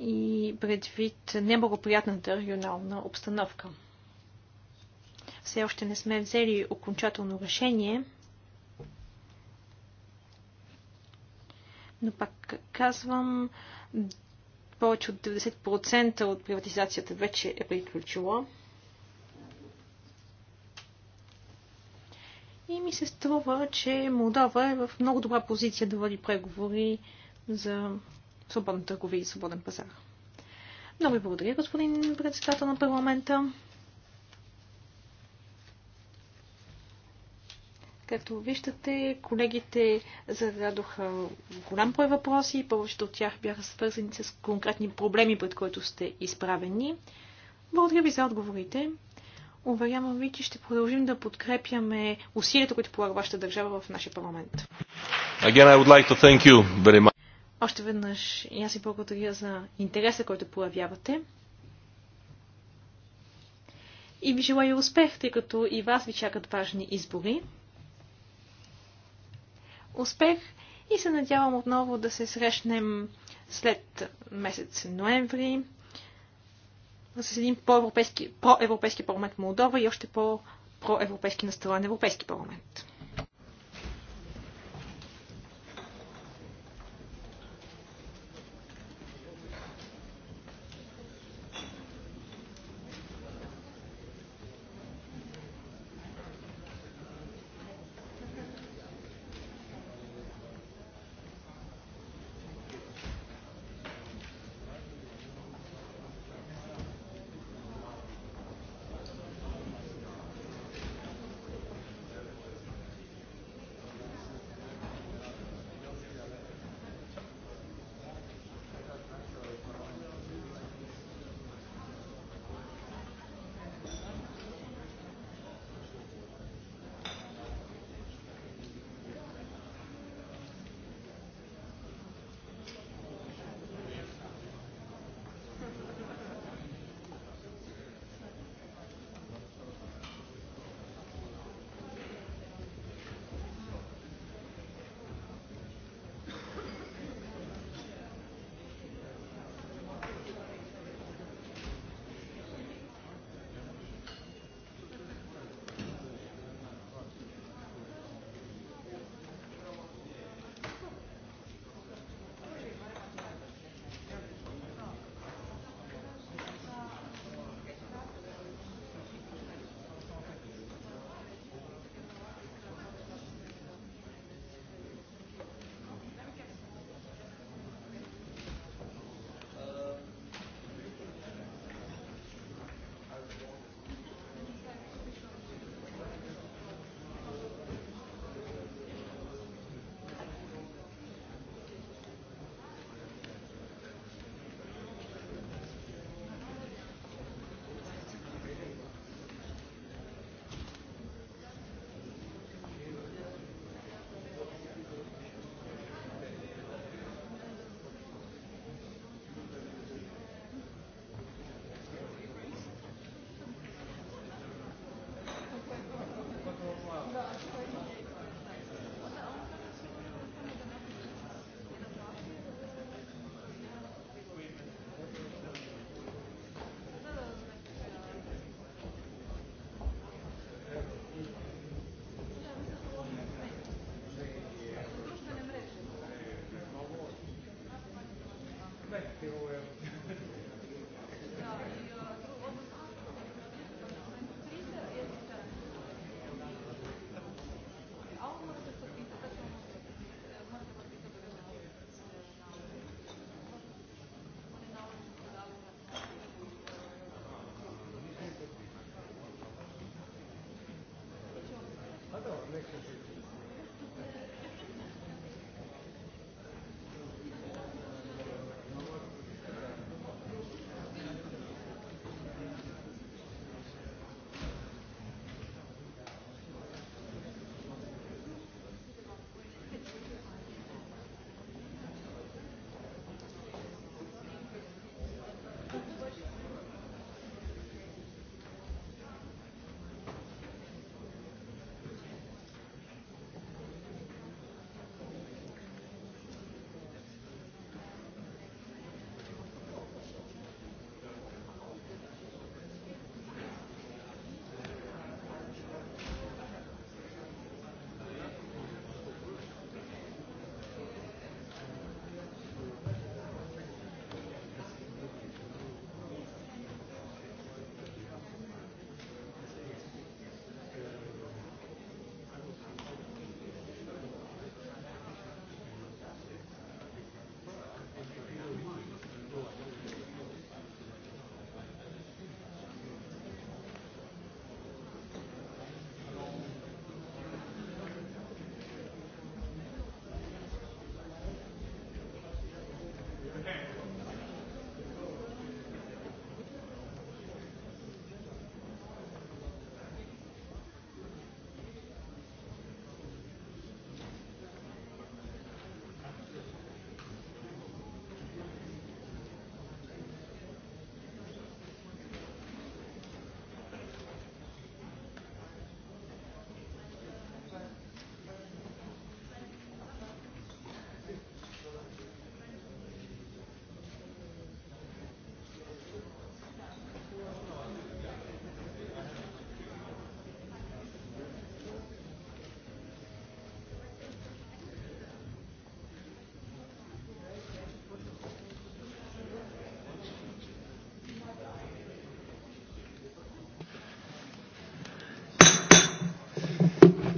и предвид неблагоприятната регионална обстановка все още не сме взели окончателно решение. Но пак казвам, повече от 90% от приватизацията вече е приключила. И ми се струва, че Молдова е в много добра позиция да води преговори за свободна търговия и свободен пазар. Много ви благодаря, господин председател на парламента. Както виждате, колегите зададоха голям брой въпроси повечето от тях бяха свързани с конкретни проблеми, пред които сте изправени. Благодаря ви за отговорите. Уверявам ви, че ще продължим да подкрепяме усилията, които полага вашата държава в нашия парламент. Again, I would like to thank you very much. Още веднъж и аз ви благодаря за интереса, който проявявате. И ви желая успех, тъй като и вас ви чакат важни избори успех и се надявам отново да се срещнем след месец ноември с един по-европейски, по-европейски парламент Молдова и още по-проевропейски настроен Европейски парламент.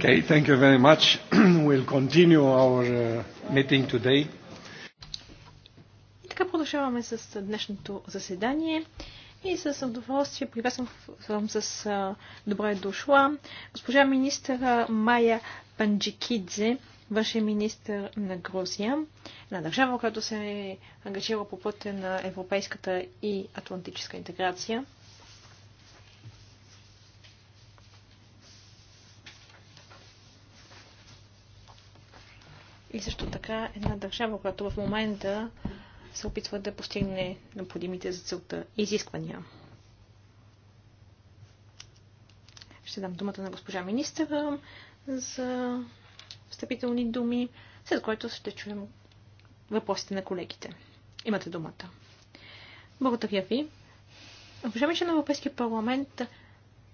Okay, thank you very much. We'll continue our uh, meeting today. Така продължаваме с днешното заседание и с удоволствие приветствам с добре дошла госпожа министра Майя Панджикидзе, външен министр на Грузия, на държава, която се е ангажира по пътя на европейската и атлантическа интеграция. така една държава, която в момента се опитва да постигне необходимите за целта изисквания. Ще дам думата на госпожа министъра за встъпителни думи, след което ще чуем въпросите на колегите. Имате думата. Благодаря ви. Уважаеми, че на Европейския парламент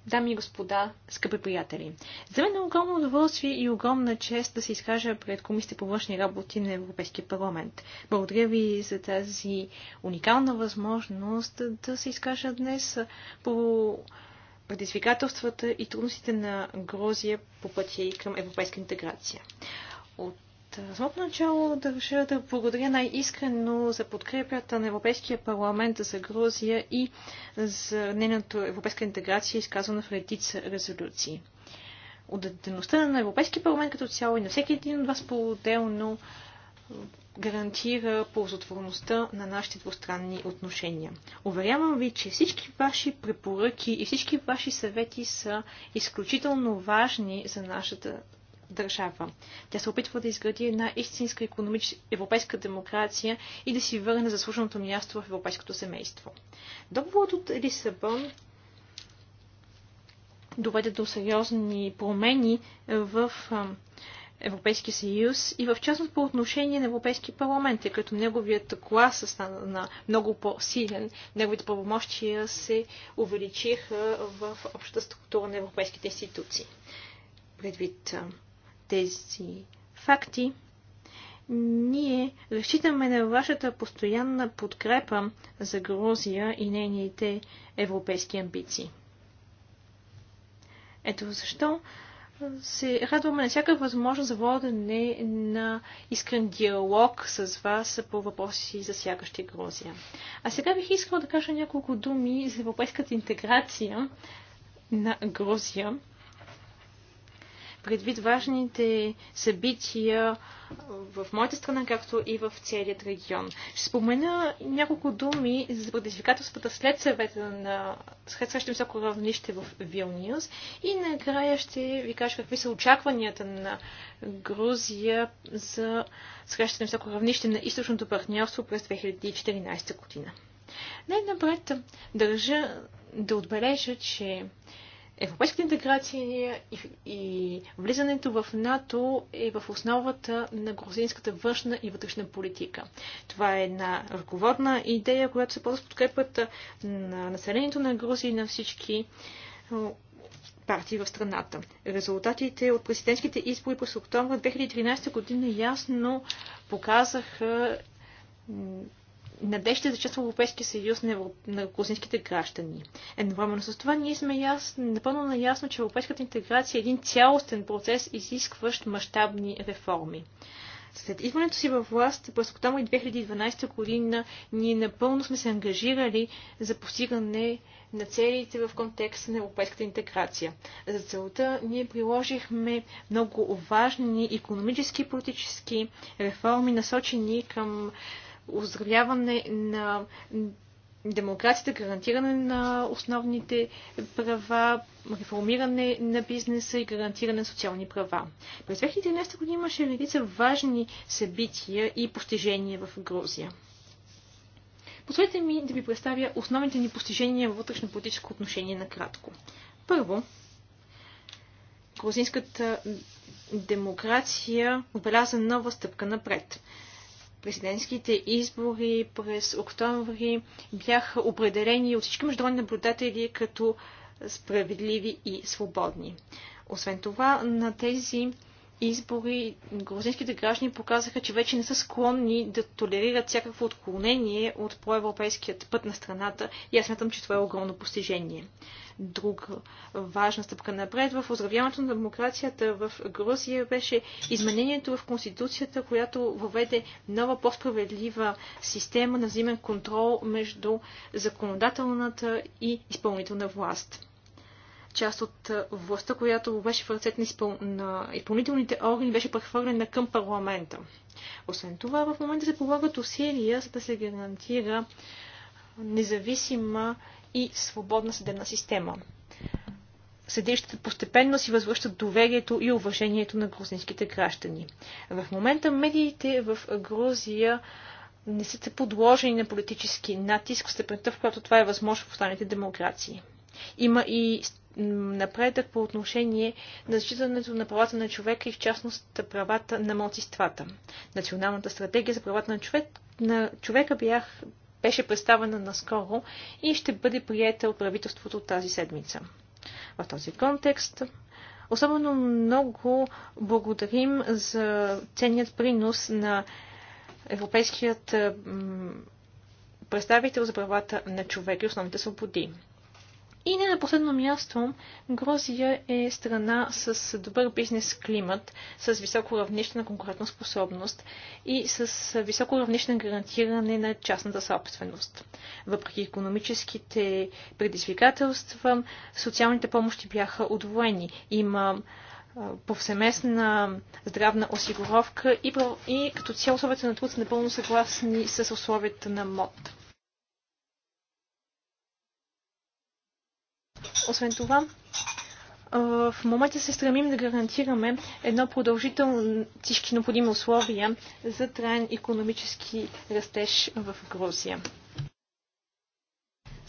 дами и господа, скъпи приятели. За мен е огромно удоволствие и огромна чест да се изкажа пред Комисията по външни работи на Европейския парламент. Благодаря ви за тази уникална възможност да се изкажа днес по предизвикателствата и трудностите на Грозия по пътя и към европейска интеграция. От в самото начало държа да благодаря най-искрено за подкрепята на Европейския парламент за Грузия и за нейната европейска интеграция, изказана в редица резолюции. Отдадеността на Европейския парламент като цяло и на всеки един от вас по-отделно гарантира ползотворността на нашите двустранни отношения. Уверявам ви, че всички ваши препоръки и всички ваши съвети са изключително важни за нашата държава. Тя се опитва да изгради една истинска европейска демокрация и да си върне заслуженото място в европейското семейство. Договорът от Лисабон доведе до сериозни промени в Европейския съюз и в частност по отношение на европейски парламент, тъй като неговият клас стана много по-силен, неговите правомощия се увеличиха в общата структура на европейските институции. Предвид тези факти, ние разчитаме на вашата постоянна подкрепа за Грузия и нейните европейски амбиции. Ето защо се радваме на всяка възможност за водене на искрен диалог с вас по въпроси за засягащи Грузия. А сега бих искала да кажа няколко думи за европейската интеграция на Грузия предвид важните събития в моята страна, както и в целият регион. Ще спомена няколко думи за предизвикателствата след съвета на след среща високо равнище в Вилниус и накрая ще ви кажа какви са очакванията на Грузия за среща на високо равнище на източното партньорство през 2014 година. Най-напред държа да отбележа, че Европейската интеграция е и, и влизането в НАТО е в основата на грузинската външна и вътрешна политика. Това е една ръководна идея, която се ползва с подкрепата на населението на Грузия и на всички партии в страната. Резултатите от президентските избори през октомври 2013 година ясно показаха надежда за част в Европейския съюз на, европ... на граждани. Едновременно с това ние сме яс... напълно наясно, че европейската интеграция е един цялостен процес, изискващ мащабни реформи. След идването си във власт през октомври 2012 година ние напълно сме се ангажирали за постигане на целите в контекста на европейската интеграция. За целта ние приложихме много важни економически и политически реформи, насочени към оздравяване на демокрацията, гарантиране на основните права, реформиране на бизнеса и гарантиране на социални права. През 2013 година имаше редица важни събития и постижения в Грузия. Позволете ми да ви представя основните ни постижения във вътрешно-политическо отношение накратко. Първо, грузинската демокрация отбеляза нова стъпка напред президентските избори през октомври бяха определени от всички международни наблюдатели като справедливи и свободни. Освен това, на тези избори грузинските граждани показаха, че вече не са склонни да толерират всякакво отклонение от проевропейският път на страната и аз смятам, че това е огромно постижение. Друг важна стъпка напред. В оздравяването на демокрацията в Грузия беше изменението в Конституцията, която въведе нова по-справедлива система на взаимен контрол между законодателната и изпълнителна власт част от властта, която беше в ръцете на, изпъл... на изпълнителните органи, беше прехвърлена към парламента. Освен това, в момента се полагат усилия, за да се гарантира независима и свободна съдебна система. Съдилищата постепенно си възвръщат доверието и уважението на грузинските граждани. В момента медиите в Грузия не са се подложени на политически натиск в степента, в която това е възможно в останалите демокрации. Има и напредък по отношение на зачитането на правата на човека и в частност правата на младсиствата. Националната стратегия за правата на, човек, на човека бях беше представена наскоро и ще бъде приета от правителството тази седмица. В този контекст особено много благодарим за ценният принос на Европейският представител за правата на човек и основните свободи. И не на последно място, Грозия е страна с добър бизнес климат, с високо равнище на конкурентна способност и с високо равнище на гарантиране на частната собственост. Въпреки економическите предизвикателства, социалните помощи бяха удвоени. Има повсеместна здравна осигуровка и, и като цяло условията на труд са напълно съгласни с условията на МОД. Освен това, в момента се стремим да гарантираме едно продължително всички необходими условия за траен економически растеж в Грузия.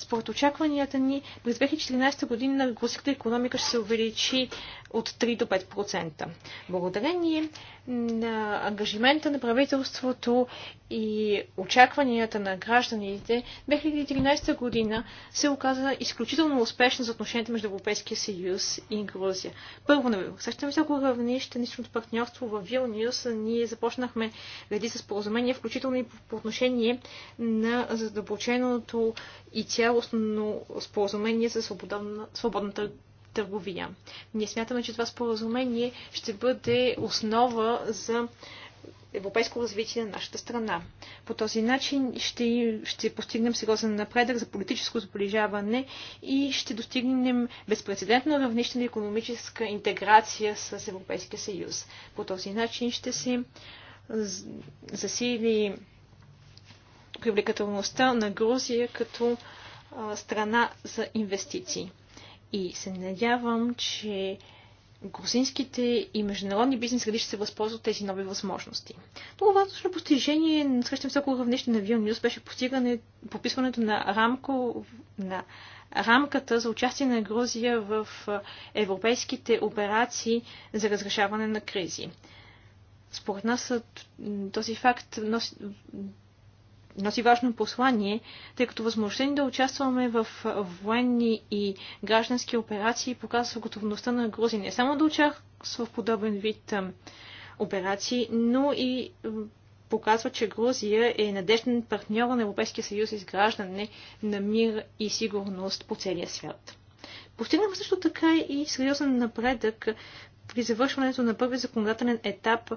Според очакванията ни, през 2014 година руската економика ще се увеличи от 3 до 5%. Благодарение на ангажимента на правителството и очакванията на гражданите, 2013 година се оказа изключително успешна за отношенията между Европейския съюз и Грузия. Първо, на среща високо равнище на партньорство в Вилнюс, ние започнахме редица споразумения, включително и по отношение на задълбоченото и цяло цялостно споразумение за свободна, свободната търговия. Ние смятаме, че това споразумение ще бъде основа за европейско развитие на нашата страна. По този начин ще, ще постигнем сериозен напредък за политическо сближаване и ще достигнем безпредседентно равнище на економическа интеграция с Европейския съюз. По този начин ще се засили привлекателността на Грузия като страна за инвестиции. И се надявам, че грузинските и международни бизнес среди ще се възползват тези нови възможности. Това важно постижение на срещам високо равнище на Вилнюс беше постигане, пописването на, рамко, на рамката за участие на Грузия в европейските операции за разрешаване на кризи. Според нас този факт носи, носи важно послание, тъй като възможността да участваме в военни и граждански операции показва готовността на Грузия не само да участва в подобен вид операции, но и показва, че Грузия е надежден партньор на Европейския съюз изграждане на мир и сигурност по целия свят. Постигнахме също така и сериозен напредък при завършването на първи законодателен етап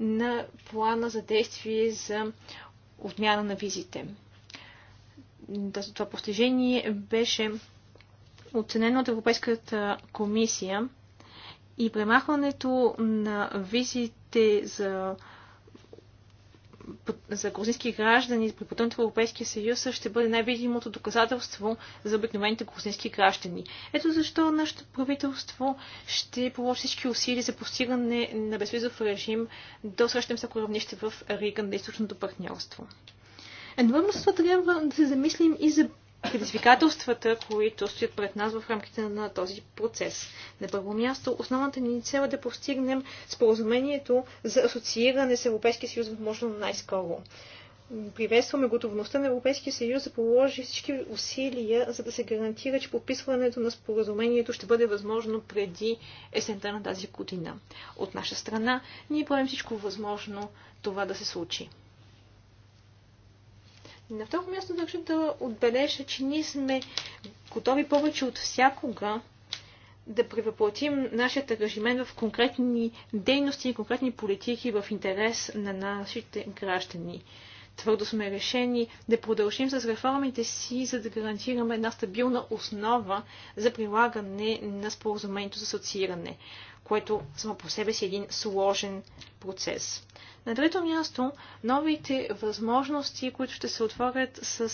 на плана за действие за отмяна на визите. Това постижение беше оценено от Европейската комисия и премахването на визите за за грузински граждани при потънта в Европейския съюз ще бъде най-видимото доказателство за обикновените грузински граждани. Ето защо нашето правителство ще положи всички усилия за постигане на безвизов режим до срещам всяко равнище в Риган на източното партньорство. Едновременно с това трябва да се замислим и за предизвикателствата, които стоят пред нас в рамките на този процес. На първо място, основната ни цел е да постигнем споразумението за асоцииране с Европейския съюз възможно най-скоро. Приветстваме готовността на Европейския съюз да положи всички усилия, за да се гарантира, че подписването на споразумението ще бъде възможно преди есента на тази година. От наша страна ние правим всичко възможно това да се случи. На второ място държа да отбележа, че ние сме готови повече от всякога да превъплатим нашия ангажимент в конкретни дейности и конкретни политики в интерес на нашите граждани. Твърдо сме решени да продължим с реформите си, за да гарантираме една стабилна основа за прилагане на споразумението за асоцииране, което само по себе си е един сложен процес. На трето място, новите възможности, които ще се отворят с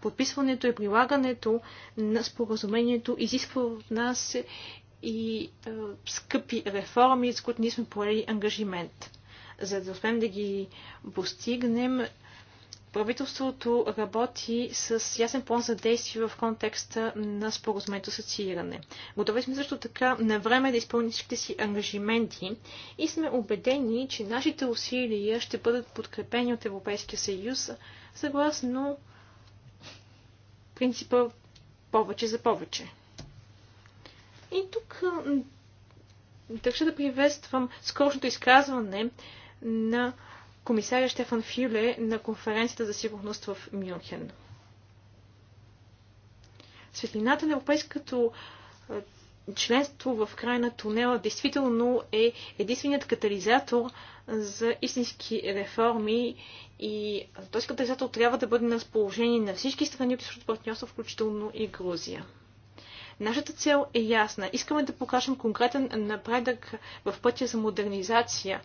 подписването и прилагането на споразумението, изисква от нас и е, скъпи реформи, с които ние сме поели ангажимент. За да успеем да ги постигнем, Правителството работи с ясен план за действие в контекста на споразумението с асоцииране. Готови сме също така на време да изпълним всичките си ангажименти и сме убедени, че нашите усилия ще бъдат подкрепени от Европейския съюз съгласно принципа повече за повече. И тук държа да приветствам скорошното изказване на комисаря Штефан Фюле на конференцията за сигурност в Мюнхен. Светлината на европейското е, членство в края на тунела действително е единственият катализатор за истински реформи и е, този катализатор трябва да бъде на разположение на всички страни от същото партньорство, включително и Грузия. Нашата цел е ясна. Искаме да покажем конкретен напредък в пътя за модернизация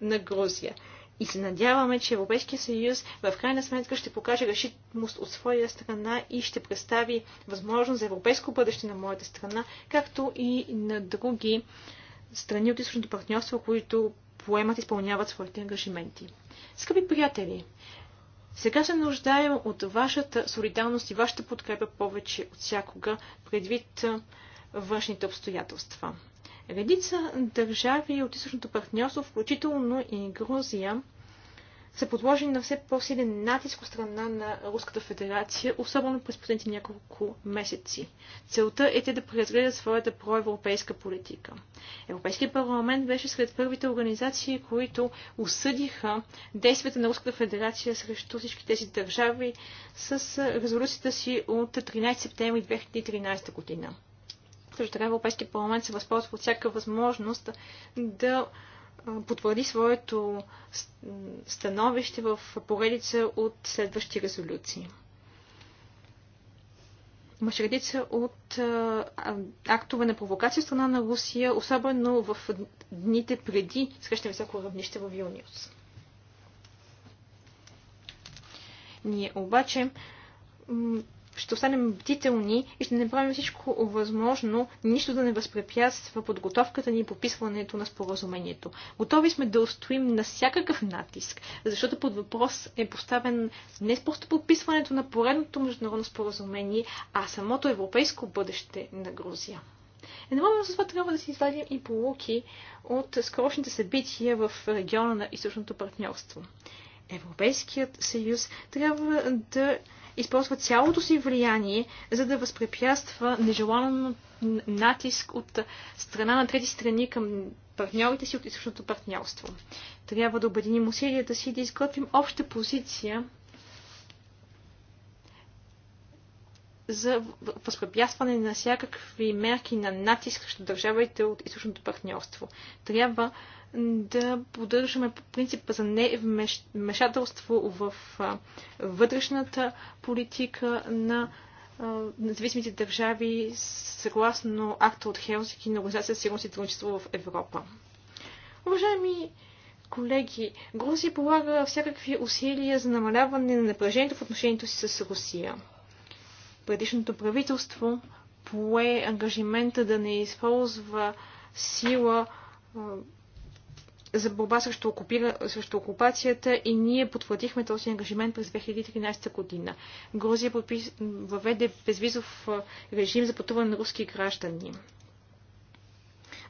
на Грузия. И се надяваме, че Европейския съюз в крайна сметка ще покаже решителност от своя страна и ще представи възможност за европейско бъдеще на моята страна, както и на други страни от източното партньорство, които поемат и изпълняват своите ангажименти. Скъпи приятели, сега се нуждаем от вашата солидарност и вашата подкрепа повече от всякога, предвид външните обстоятелства. Редица държави от източното партньорство, включително и Грузия, са подложени на все по-силен натиск от страна на Руската федерация, особено през последните няколко месеци. Целта е те да преразгледат своята проевропейска политика. Европейският парламент беше сред първите организации, които осъдиха действията на Руската федерация срещу всички тези държави с резолюцията си от 13 септември 2013 година. Също така Европейския парламент се възползва от всяка възможност да потвърди своето становище в поредица от следващи резолюции. Имаше редица от актове на провокация страна на Русия, особено в дните преди срещане високо равнище в Вилниус. Ние обаче ще останем бдителни и ще направим всичко възможно, нищо да не възпрепятства подготовката ни и подписването на споразумението. Готови сме да устоим на всякакъв натиск, защото под въпрос е поставен не просто подписването на поредното международно споразумение, а самото европейско бъдеще на Грузия. Едновременно с това трябва да си извадим и полуки от скорошните събития в региона на източното партньорство. Европейският съюз трябва да използва цялото си влияние, за да възпрепятства нежелан натиск от страна на трети страни към партньорите си от източното партньорство. Трябва да обединим усилията си да изготвим обща позиция за възпрепятстване на всякакви мерки на натиск срещу държавите от източното партньорство. Трябва да поддържаме принципа за невмешателство в вътрешната политика на независимите държави съгласно акта от Хелсики на Организация за сигурност и сътрудничество в Европа. Уважаеми колеги, Грузия полага всякакви усилия за намаляване на напрежението в отношението си с Русия предишното правителство пое ангажимента да не използва сила за борба срещу, окупира, срещу окупацията и ние потвърдихме този ангажимент през 2013 година. Грузия подпис... въведе безвизов режим за пътуване на руски граждани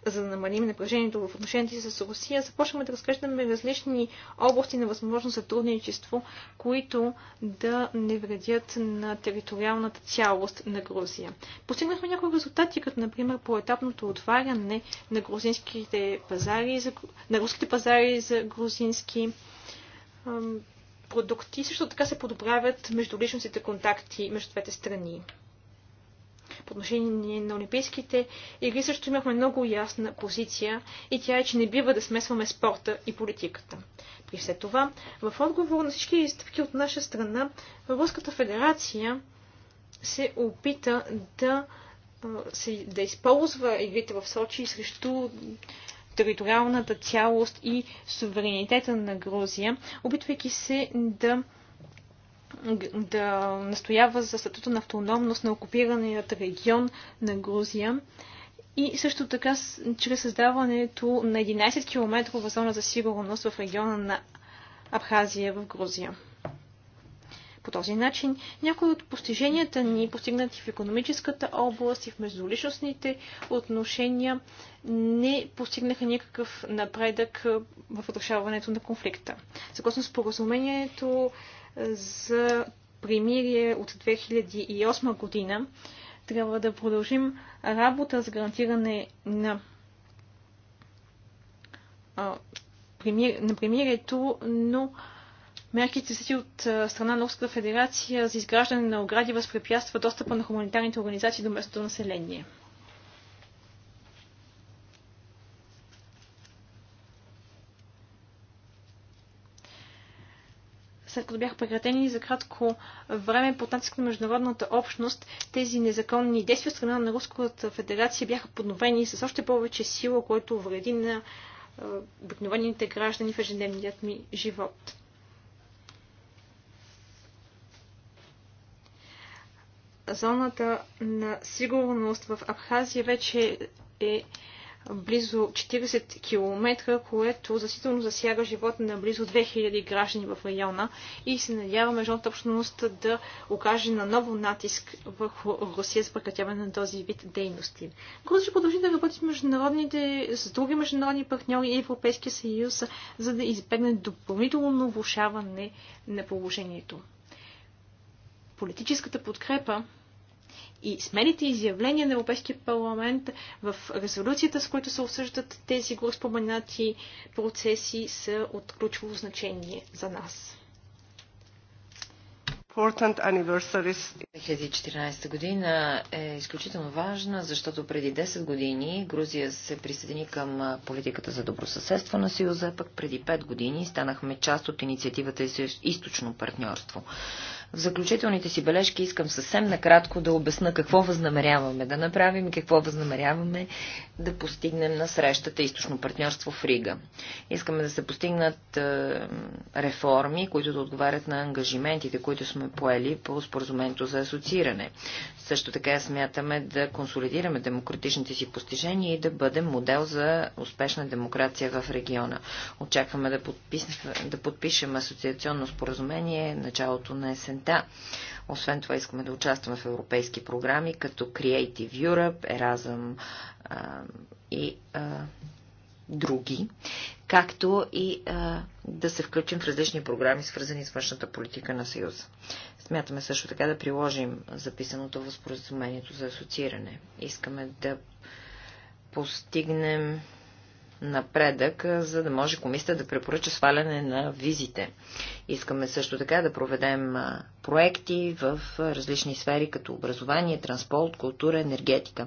за да намалим напрежението в отношенията си с Русия, започваме да разглеждаме различни области на възможно сътрудничество, които да не вредят на териториалната цялост на Грузия. Постигнахме някои резултати, като например поетапното отваряне на грузинските пазари, за, на руските пазари за грузински продукти. Също така се подобряват междуличностите контакти между двете страни по отношение на Олимпийските игри също имахме много ясна позиция и тя е, че не бива да смесваме спорта и политиката. При все това, в отговор на всички изтъпки от наша страна, Руската федерация се опита да, да използва игрите в Сочи срещу териториалната цялост и суверенитета на Грузия, опитвайки се да да настоява за статута на автономност на окупираният регион на Грузия и също така чрез създаването на 11 км зона за сигурност в региона на Абхазия в Грузия. По този начин някои от постиженията ни, постигнати в економическата област и в междуличностните отношения, не постигнаха никакъв напредък в отрешаването на конфликта. Съгласно споразумението за примирие от 2008 година. Трябва да продължим работа за гарантиране на на примирието, но мерките си от страна на Руската федерация за изграждане на огради възпрепятства достъпа на хуманитарните организации до местното население. след като бяха прекратени за кратко време под натиск на международната общност, тези незаконни действия от страна на Руската федерация бяха подновени с още повече сила, което вреди на обикновените граждани в ежедневният ми живот. Зоната на сигурност в Абхазия вече е близо 40 км, което засително засяга живота на близо 2000 граждани в района и се надява международната общност да окаже на ново натиск върху Русия за прекратяване на този вид дейности. Грузия ще продължи да работи с, международните, с други международни партньори и Европейския съюз, за да избегне допълнително влушаване на положението. Политическата подкрепа и смените изявления на Европейския парламент в резолюцията, с които се обсъждат тези гореспоменати процеси, са от ключово значение за нас. 2014 година е изключително важна, защото преди 10 години Грузия се присъедини към политиката за добросъседство на Съюза, пък преди 5 години станахме част от инициативата и източно партньорство. В заключителните си бележки искам съвсем накратко да обясна какво възнамеряваме да направим и какво възнамеряваме да постигнем на срещата Източно партньорство в Рига. Искаме да се постигнат е, реформи, които да отговарят на ангажиментите, които сме поели по споразумението за асоцииране. Също така смятаме да консолидираме демократичните си постижения и да бъдем модел за успешна демокрация в региона. Очакваме да, подпис... да подпишем асоциационно споразумение началото на есен да. Освен това искаме да участваме в европейски програми, като Creative Europe, Erasm а, и а, други, както и а, да се включим в различни програми, свързани с външната политика на Съюза. Смятаме също така да приложим записаното в споразумението за асоцииране. Искаме да постигнем напредък, за да може комисията да препоръча сваляне на визите. Искаме също така да проведем проекти в различни сфери, като образование, транспорт, култура, енергетика.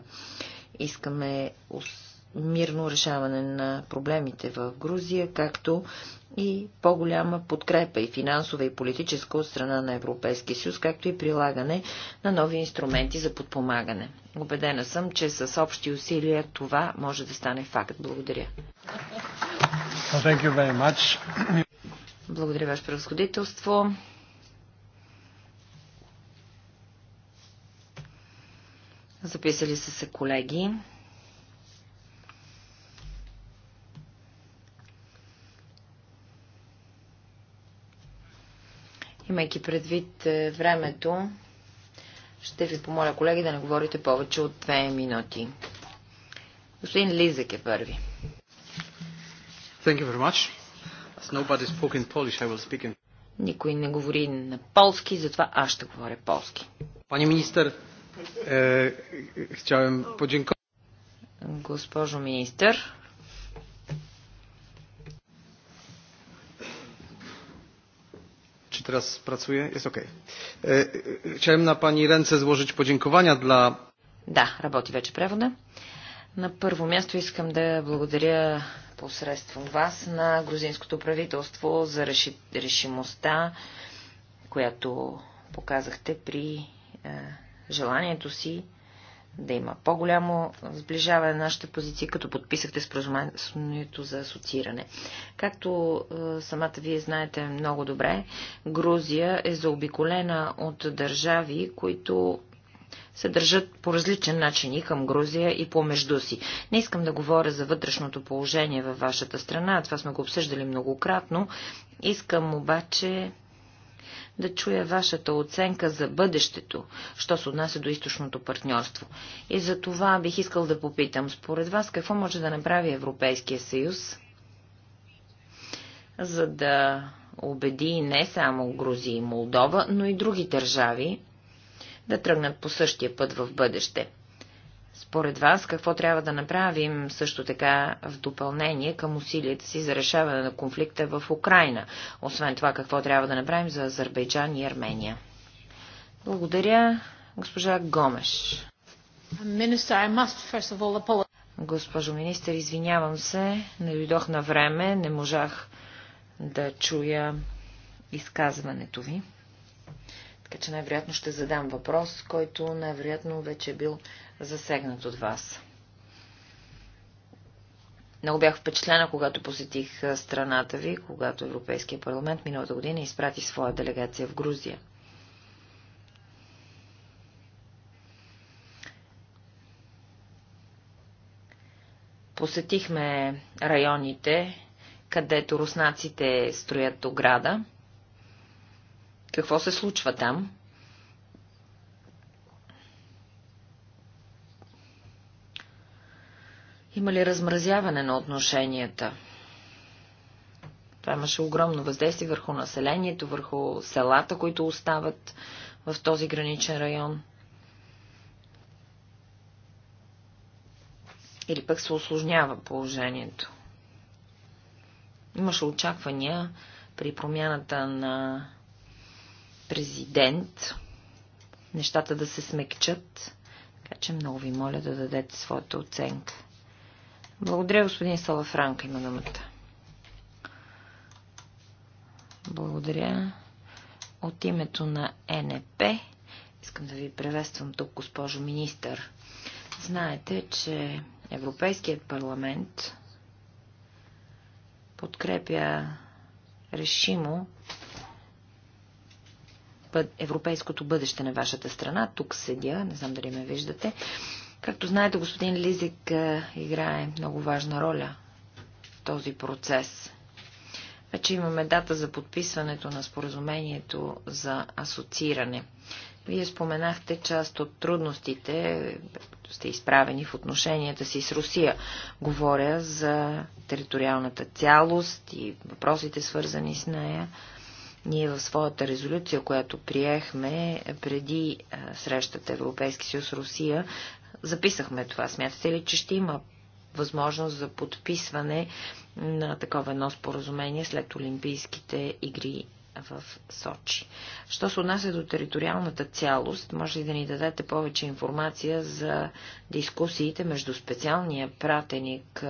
Искаме мирно решаване на проблемите в Грузия, както и по-голяма подкрепа и финансова и политическа от страна на Европейския съюз, както и прилагане на нови инструменти за подпомагане. Обедена съм, че с общи усилия това може да стане факт. Благодаря. Благодаря, Ваше превъзходителство. Записали са се колеги. Имайки предвид е, времето, ще ви помоля, колеги, да не говорите повече от две минути. Господин Лизък е първи. Thank you very much. As nobody spoke in Polish, I will speak in... Никой не говори на полски, затова аз ще говоря полски. Пани министър, е, е, е Госпожо министър, Czy teraz pracuje? Jest ok. E, e, chciałem na Pani ręce złożyć podziękowania dla... Да, работи вече превода. На първо място искам да благодаря посредством вас на грузинското правителство за решимостта, която показахте при е, желанието си да има по-голямо сближаване на нашите позиции, като подписахте споразумението за асоцииране. Както е, самата вие знаете много добре, Грузия е заобиколена от държави, които се държат по различен начин и към Грузия и помежду си. Не искам да говоря за вътрешното положение във вашата страна, това сме го обсъждали многократно. Искам обаче да чуя вашата оценка за бъдещето, що се отнася до източното партньорство. И за това бих искал да попитам, според вас какво може да направи Европейския съюз, за да убеди не само Грузия и Молдова, но и други държави да тръгнат по същия път в бъдеще – според вас какво трябва да направим също така в допълнение към усилията си за решаване на конфликта в Украина? Освен това, какво трябва да направим за Азербайджан и Армения? Благодаря, госпожа Гомеш. Госпожо министър, извинявам се, не дойдох на време, не можах да чуя изказването ви. Така че най-вероятно ще задам въпрос, който най-вероятно вече е бил засегнат от вас. Много бях впечатлена, когато посетих страната ви, когато Европейския парламент миналата година изпрати своя делегация в Грузия. Посетихме районите, където руснаците строят ограда какво се случва там? Има ли размразяване на отношенията? Това имаше огромно въздействие върху населението, върху селата, които остават в този граничен район. Или пък се осложнява положението. Имаше очаквания при промяната на президент, нещата да се смекчат, така че много ви моля да дадете своята оценка. Благодаря, господин Салафранка, има думата. Благодаря. От името на НП искам да ви приветствам тук, госпожо министър. Знаете, че Европейският парламент подкрепя решимо европейското бъдеще на вашата страна. Тук седя, не знам дали ме виждате. Както знаете, господин Лизик играе много важна роля в този процес. Вече имаме дата за подписването на споразумението за асоцииране. Вие споменахте част от трудностите, сте изправени в отношенията си с Русия. Говоря за териториалната цялост и въпросите свързани с нея. Ние в своята резолюция, която приехме преди срещата Европейски съюз Русия, записахме това. Смятате ли, че ще има възможност за подписване на такова едно споразумение след Олимпийските игри в Сочи. Що се отнася до териториалната цялост, може ли да ни дадете повече информация за дискусиите между специалния пратеник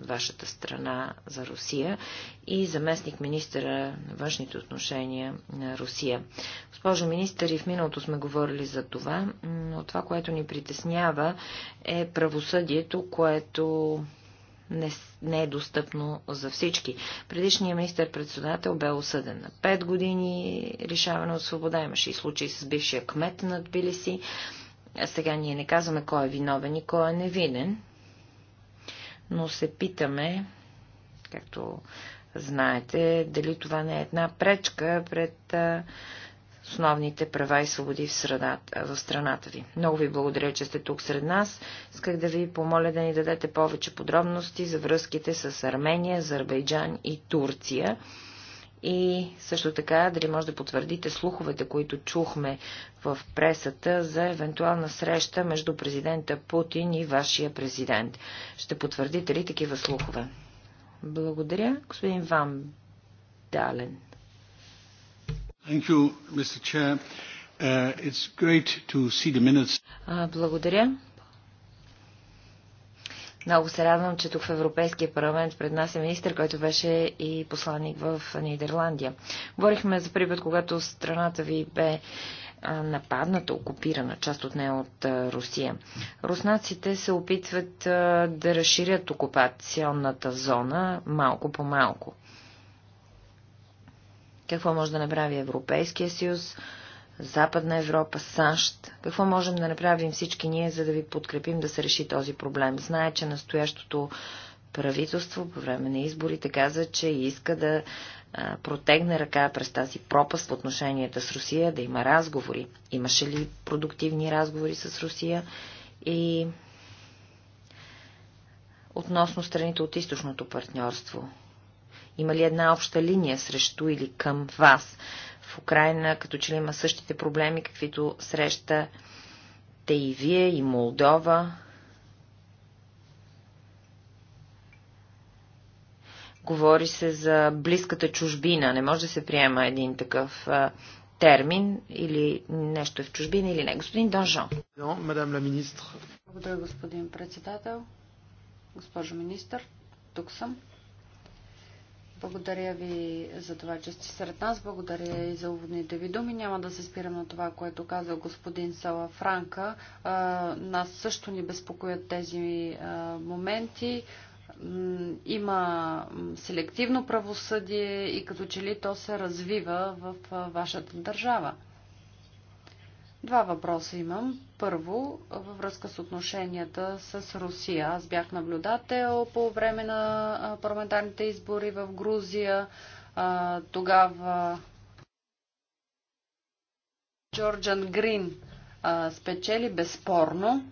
от вашата страна за Русия и заместник министъра на външните отношения на Русия? Госпожо министър, и в миналото сме говорили за това, но това, което ни притеснява е правосъдието, което не, не е достъпно за всички. Предишният министър-председател бе осъден на 5 години лишаване от свобода. Имаше и случаи с бившия кмет на Тбилиси. А сега ние не казваме кой е виновен и кой е невинен, но се питаме, както знаете, дали това не е една пречка пред а, основните права и свободи в, средата, в страната ви. Много ви благодаря, че сте тук сред нас. Исках да ви помоля да ни дадете повече подробности за връзките с Армения, Азербайджан и Турция. И също така, дали може да потвърдите слуховете, които чухме в пресата за евентуална среща между президента Путин и вашия президент. Ще потвърдите ли такива слухове? Благодаря, господин Ван Дален. Uh, благодаря. Много се радвам, че тук в Европейския парламент пред нас е министр, който беше и посланник в Нидерландия. Говорихме за припът, когато страната ви бе нападната, окупирана част от нея от Русия. Руснаците се опитват да разширят окупационната зона малко по малко. Какво може да направи Европейския съюз, Западна Европа, САЩ? Какво можем да направим всички ние, за да ви подкрепим да се реши този проблем? Знае, че настоящото правителство по време на изборите каза, че иска да протегне ръка през тази пропаст в отношенията с Русия, да има разговори. Имаше ли продуктивни разговори с Русия и относно страните от източното партньорство? Има ли една обща линия срещу или към вас? В Украина като че ли има същите проблеми, каквито среща те и вие, и Молдова. Говори се за близката чужбина. Не може да се приема един такъв а, термин или нещо е в чужбина или не. Господин Донжон. Благодаря, господин председател. Госпожо министър, тук съм. Благодаря ви за това, че сте сред нас. Благодаря и за уводните ви думи. Няма да се спирам на това, което каза господин Сала Франка. Нас също ни безпокоят тези моменти. Има селективно правосъдие и като че ли то се развива в вашата държава. Два въпроса имам. Първо, във връзка с отношенията с Русия. Аз бях наблюдател по време на парламентарните избори в Грузия. Тогава Джорджан Грин спечели безспорно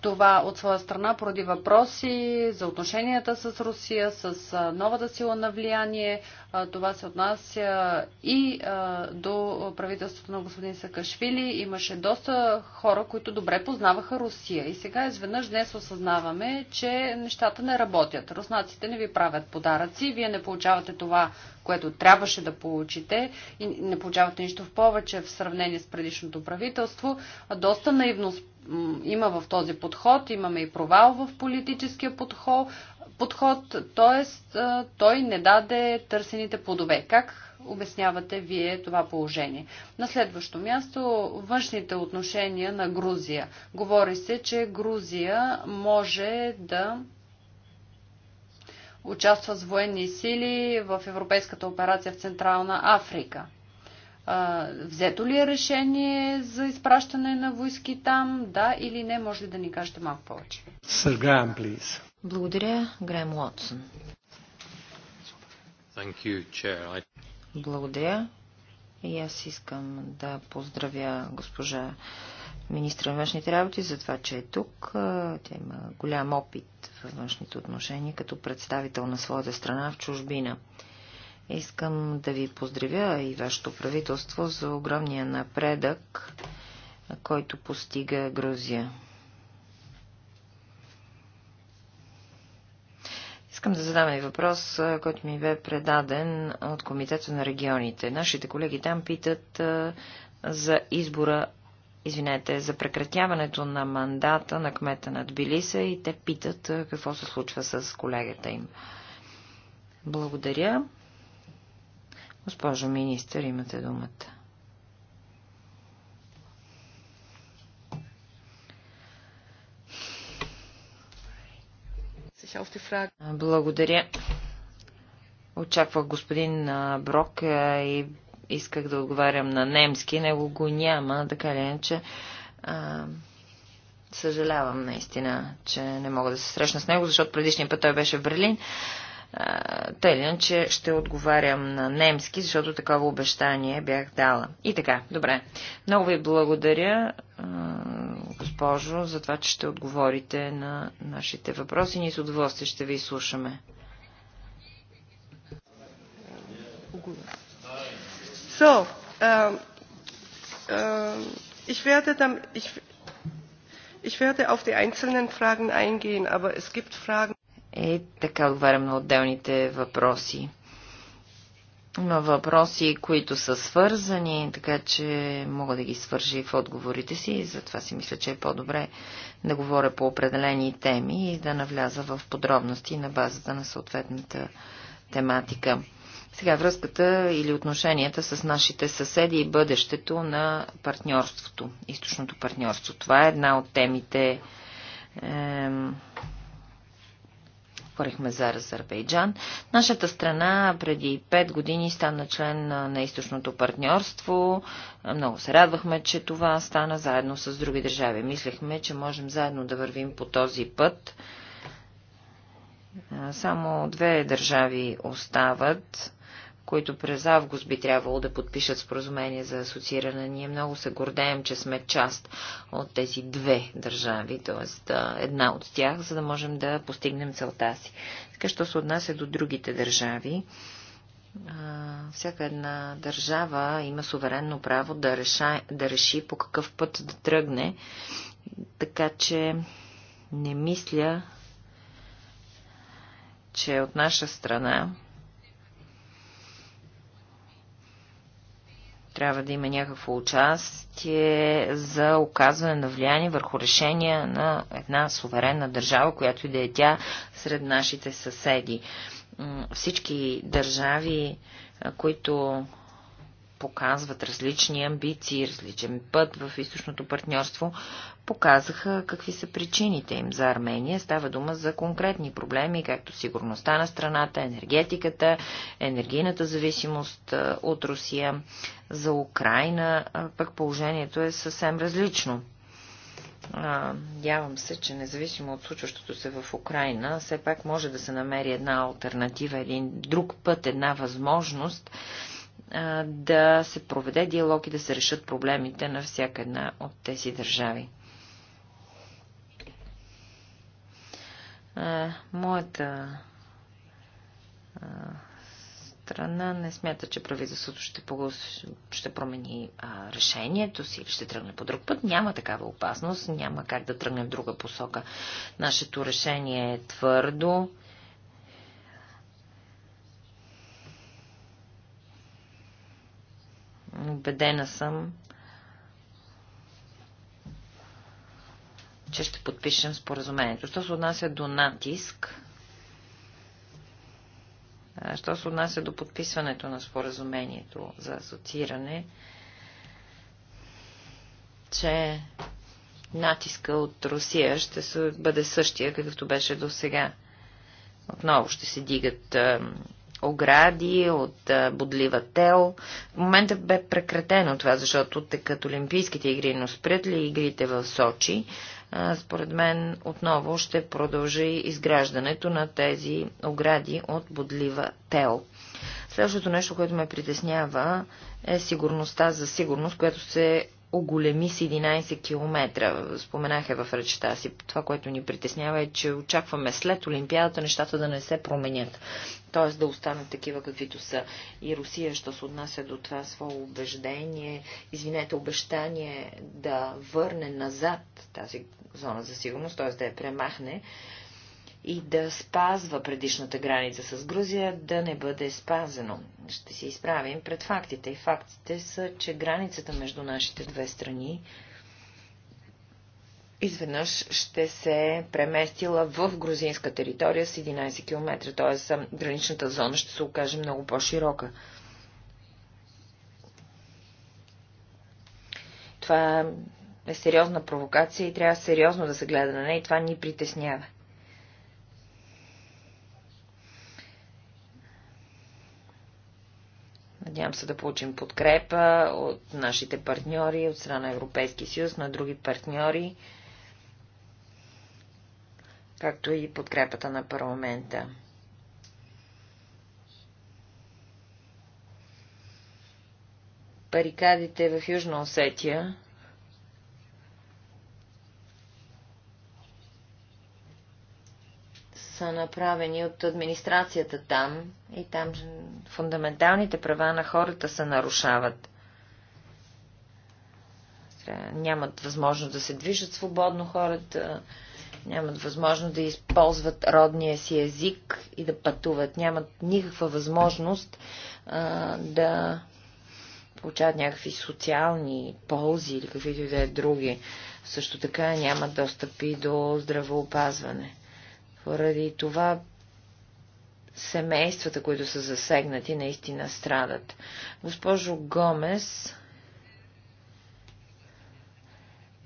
това от своя страна поради въпроси за отношенията с Русия, с новата сила на влияние. Това се отнася и до правителството на господин Сакашвили. Имаше доста хора, които добре познаваха Русия. И сега изведнъж днес осъзнаваме, че нещата не работят. Руснаците не ви правят подаръци, вие не получавате това, което трябваше да получите и не получавате нищо в повече в сравнение с предишното правителство. Доста наивност има в този подход. Имаме и провал в политическия подход, подход т.е. той не даде търсените плодове. Как обяснявате вие това положение? На следващо място външните отношения на Грузия. Говори се, че Грузия може да участва с военни сили в Европейската операция в Централна Африка – взето ли е решение за изпращане на войски там, да или не? Може ли да ни кажете малко повече? Сър Грайм, плиз. Благодаря, Грем Уотсън. I... Благодаря. И аз искам да поздравя госпожа министра на външните работи за това, че е тук. Тя има голям опит във външните отношения като представител на своята страна в чужбина. Искам да ви поздравя и вашето правителство за огромния напредък, който постига Грузия. Искам да задам и въпрос, който ми бе предаден от Комитета на регионите. Нашите колеги там питат за избора, извинете, за прекратяването на мандата на кмета на Тбилиса и те питат какво се случва с колегата им. Благодаря. Госпожо министър, имате думата. Благодаря. Очаквах господин Брок и исках да отговарям на немски. Него го няма, така ли иначе. Съжалявам наистина, че не мога да се срещна с него, защото предишния път той беше в Берлин. Тъй иначе ще отговарям на немски, защото такова обещание бях дала. И така, добре. Много ви благодаря, госпожо, за това, че ще отговорите на нашите въпроси. Ние с удоволствие ще ви слушаме. So, uh, uh, ich werde dann, ich, ich werde auf die einzelnen Fragen eingehen, aber es gibt Fragen. Е, така отварям на отделните въпроси. Има въпроси, които са свързани, така че мога да ги свържи в отговорите си и затова си мисля, че е по-добре да говоря по определени теми и да навляза в подробности на базата на съответната тематика. Сега връзката или отношенията с нашите съседи и бъдещето на партньорството, източното партньорство. Това е една от темите, Говорихме за Азербайджан. Нашата страна преди 5 години стана член на източното партньорство. Много се радвахме, че това стана заедно с други държави. Мислехме, че можем заедно да вървим по този път. Само две държави остават които през август би трябвало да подпишат споразумение за асоцииране. Ние много се гордеем, че сме част от тези две държави, т.е. една от тях, за да можем да постигнем целта си. Така, що се отнася до другите държави, всяка една държава има суверенно право да, реша, да реши по какъв път да тръгне, така че не мисля, че от наша страна трябва да има някакво участие за оказване на влияние върху решения на една суверенна държава, която и да е тя сред нашите съседи. Всички държави, които показват различни амбиции, различен път в източното партньорство, показаха какви са причините им за Армения. Става дума за конкретни проблеми, както сигурността на страната, енергетиката, енергийната зависимост от Русия. За Украина пък положението е съвсем различно. Явам се, че независимо от случващото се в Украина, все пак може да се намери една альтернатива, един друг път, една възможност да се проведе диалог и да се решат проблемите на всяка една от тези държави. моята а, страна не смята, че правителството ще, ще промени а, решението си или ще тръгне по друг път. Няма такава опасност, няма как да тръгне в друга посока. Нашето решение е твърдо. Убедена съм, че ще подпишем споразумението. Що се отнася до натиск, що се отнася до подписването на споразумението за асоцииране, че натиска от Русия ще бъде същия, какъвто беше до сега. Отново ще се дигат огради от бодлива тел. В момента бе прекратено това, защото тъкат Олимпийските игри, но спрят ли игрите в Сочи, според мен отново ще продължи изграждането на тези огради от бодлива тел. Следващото нещо, което ме притеснява е сигурността за сигурност, която се оголеми с 11 км. Споменах е в речета си. Това, което ни притеснява е, че очакваме след Олимпиадата нещата да не се променят. Т.е. да останат такива, каквито са. И Русия, що се отнася до това свое убеждение, извинете, обещание да върне назад тази зона за сигурност, т.е. да я премахне, и да спазва предишната граница с Грузия, да не бъде спазено. Ще се изправим пред фактите. И фактите са, че границата между нашите две страни изведнъж ще се преместила в грузинска територия с 11 км, т.е. граничната зона ще се окаже много по-широка. Това е сериозна провокация и трябва сериозно да се гледа на нея и това ни притеснява. Надявам се да получим подкрепа от нашите партньори, от страна Европейски съюз, на други партньори, както и подкрепата на парламента. Парикадите в Южна Осетия са направени от администрацията там и там фундаменталните права на хората се нарушават. Нямат възможност да се движат свободно хората, нямат възможност да използват родния си език и да пътуват, нямат никаква възможност а, да получават някакви социални ползи или каквито и да е други. Също така нямат достъпи до здравеопазване. Поради това семействата, които са засегнати, наистина страдат. Госпожо Гомес,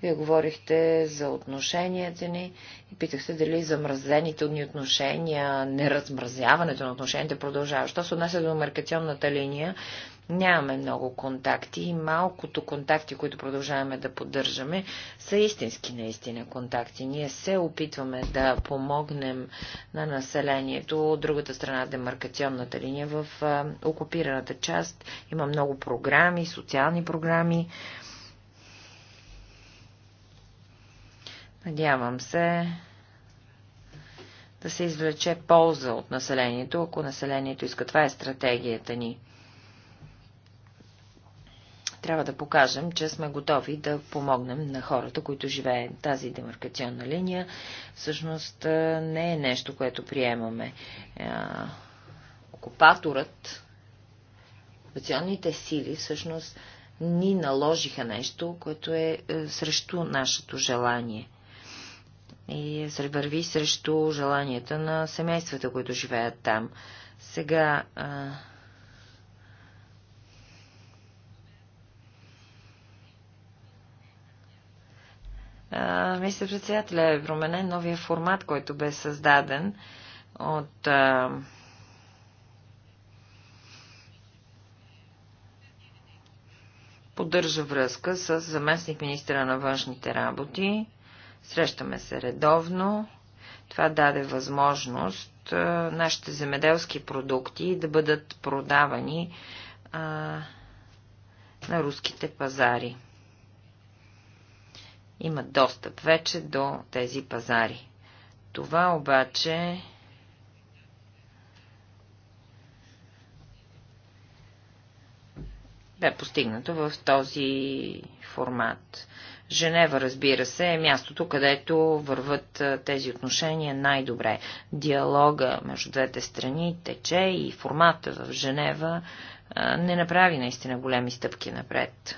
вие говорихте за отношенията ни и питахте дали замразените ни отношения, неразмразяването на отношенията продължава. Що се отнася до маркационната линия, Нямаме много контакти и малкото контакти, които продължаваме да поддържаме, са истински наистина контакти. Ние се опитваме да помогнем на населението от другата страна демаркационната линия в окупираната част. Има много програми, социални програми. Надявам се да се извлече полза от населението, ако населението иска. Това е стратегията ни. Трябва да покажем, че сме готови да помогнем на хората, които живеят тази демаркационна линия. Всъщност не е нещо, което приемаме. Окупаторът, окупационните сили всъщност ни наложиха нещо, което е, е срещу нашето желание и се върви срещу желанията на семействата, които живеят там. Сега а, Мисля, председателя е променен новия формат, който бе създаден от а, поддържа връзка с заместник министра на външните работи. Срещаме се редовно. Това даде възможност а, нашите земеделски продукти да бъдат продавани а, на руските пазари имат достъп вече до тези пазари. Това обаче бе постигнато в този формат. Женева, разбира се, е мястото, където върват тези отношения най-добре. Диалога между двете страни тече и формата в Женева не направи наистина големи стъпки напред.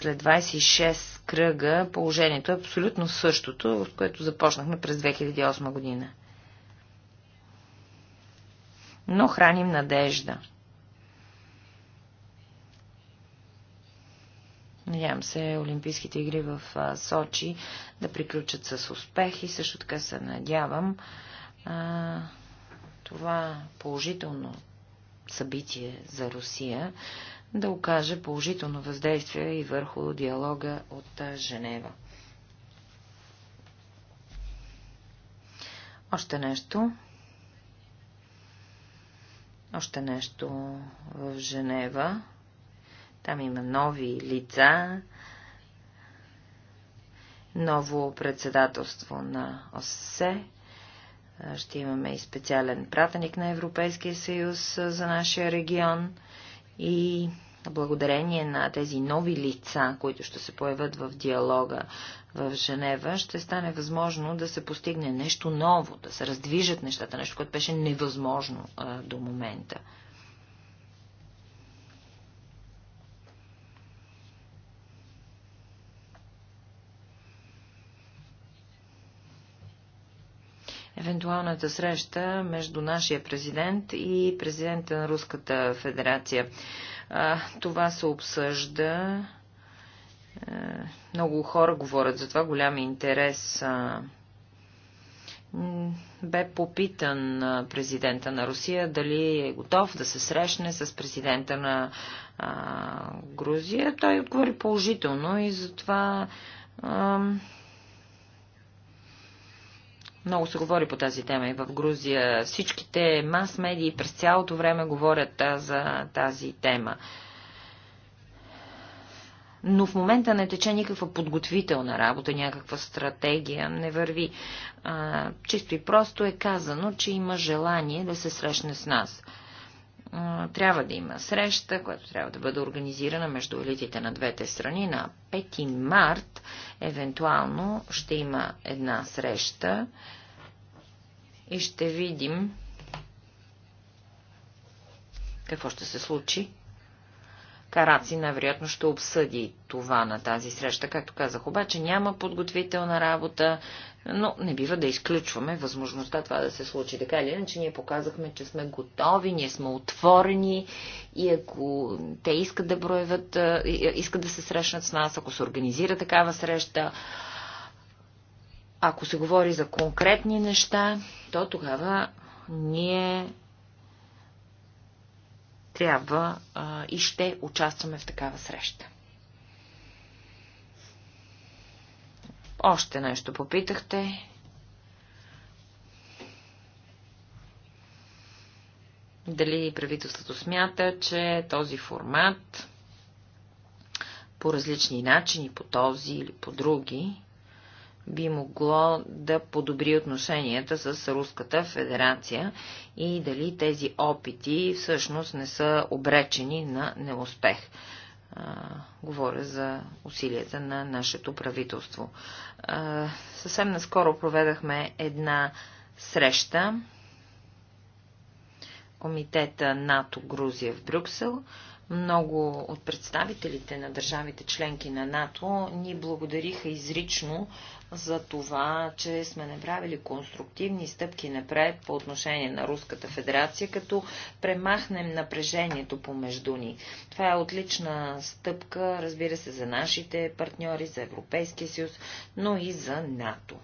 След 26 кръга положението е абсолютно същото, от което започнахме през 2008 година. Но храним надежда. Надявам се Олимпийските игри в Сочи да приключат с успех и също така се надявам а, това положително събитие за Русия да окаже положително въздействие и върху диалога от Женева. Още нещо. Още нещо в Женева. Там има нови лица, ново председателство на ОССЕ. Ще имаме и специален пратеник на Европейския съюз за нашия регион и благодарение на тези нови лица, които ще се появят в диалога в Женева, ще стане възможно да се постигне нещо ново, да се раздвижат нещата, нещо, което беше невъзможно а, до момента. евентуалната среща между нашия президент и президента на Руската федерация. Това се обсъжда. Е, много хора говорят за това, голям интерес. Бе попитан президента на Русия дали е готов да се срещне с президента на Грузия. Той отговори положително и затова много се говори по тази тема и в Грузия. Всичките мас-медии през цялото време говорят за тази тема. Но в момента не тече никаква подготвителна работа, някаква стратегия, не върви. А, чисто и просто е казано, че има желание да се срещне с нас трябва да има среща, която трябва да бъде организирана между елитите на двете страни. На 5 март евентуално ще има една среща и ще видим какво ще се случи. Караци най-вероятно ще обсъди това на тази среща. Както казах, обаче няма подготвителна работа, но не бива да изключваме възможността това да се случи. Така или иначе, ние показахме, че сме готови, ние сме отворени и ако те искат да броеват, искат да се срещнат с нас, ако се организира такава среща, ако се говори за конкретни неща, то тогава ние трябва а, и ще участваме в такава среща. Още нещо попитахте. Дали правителството смята, че този формат по различни начини, по този или по други, би могло да подобри отношенията с Руската федерация и дали тези опити всъщност не са обречени на неуспех говоря за усилията на нашето правителство. А, съвсем наскоро проведахме една среща комитета НАТО Грузия в Брюксел, много от представителите на държавите членки на НАТО ни благодариха изрично за това, че сме направили конструктивни стъпки напред по отношение на Руската федерация, като премахнем напрежението помежду ни. Това е отлична стъпка, разбира се, за нашите партньори, за Европейския съюз, но и за НАТО.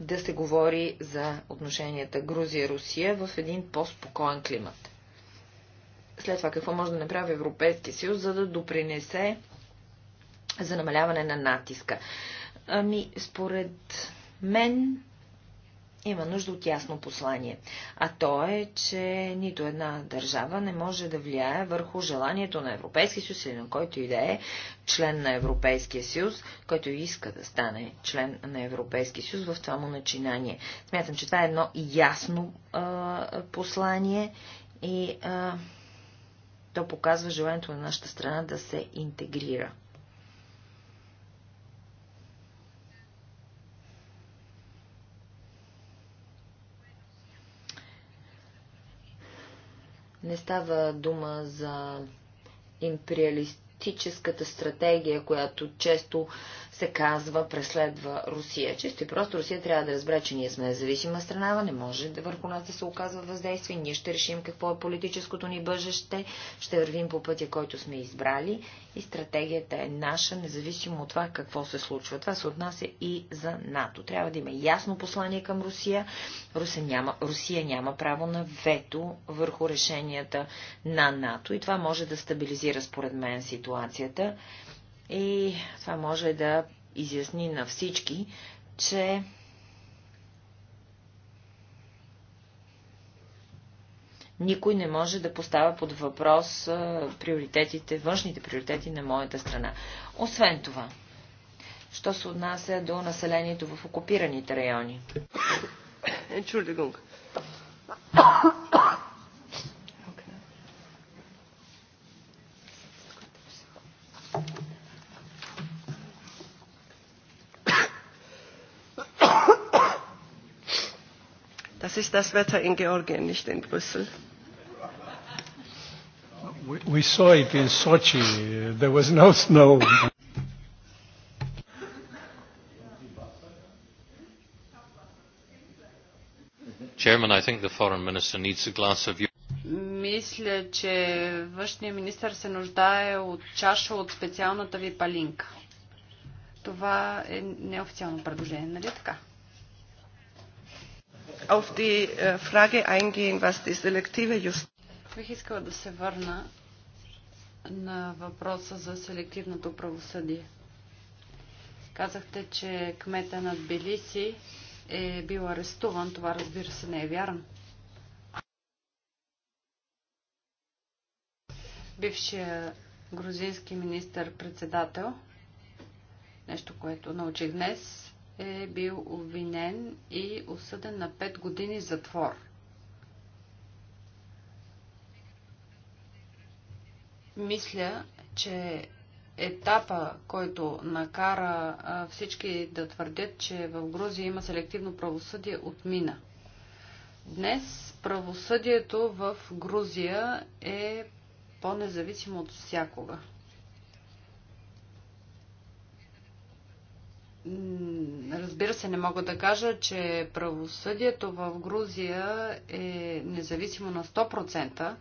да се говори за отношенията Грузия-Русия в един по-спокоен климат. След това какво може да направи Европейския съюз, за да допринесе за намаляване на натиска? Ами, според мен има нужда от ясно послание. А то е, че нито една държава не може да влияе върху желанието на Европейския съюз или на който и да е член на Европейския съюз, който иска да стане член на Европейския съюз в това му начинание. Смятам, че това е едно ясно а, послание и а, то показва желанието на нашата страна да се интегрира. Не става дума за империалистическата стратегия, която често се казва преследва Русия. Често и просто Русия трябва да разбере, че ние сме независима страна, не може да върху нас да се оказва въздействие. Ние ще решим какво е политическото ни бъжеще, ще вървим по пътя, който сме избрали и стратегията е наша, независимо от това какво се случва. Това се отнася и за НАТО. Трябва да има ясно послание към Русия. Русия няма, Русия няма право на вето върху решенията на НАТО и това може да стабилизира според мен ситуацията и това може да изясни на всички, че никой не може да поставя под въпрос приоритетите, външните приоритети на моята страна. Освен това, що се отнася до населението в окупираните райони. Entschuldigung. Das ist das Wetter in Georgien, nicht in Brüssel. We saw it in Sochi. There was no snow. Chairman, I think the foreign minister needs a glass of Мисля, че външният министр се нуждае от чаша от специалната ви палинка. Това е неофициално предложение, нали така? auf die äh, Frage eingehen, was die selektive Justiz. Бих искала да се върна на въпроса за селективното правосъдие. Казахте, че кмета на Тбилиси е бил арестуван. Това разбира се не е вярно. Бившия грузински министър-председател, нещо, което научих днес, е бил обвинен и осъден на 5 години затвор. Мисля, че етапа, който накара всички да твърдят, че в Грузия има селективно правосъдие, отмина. Днес правосъдието в Грузия е по-независимо от всякога. Разбира се, не мога да кажа, че правосъдието в Грузия е независимо на 100%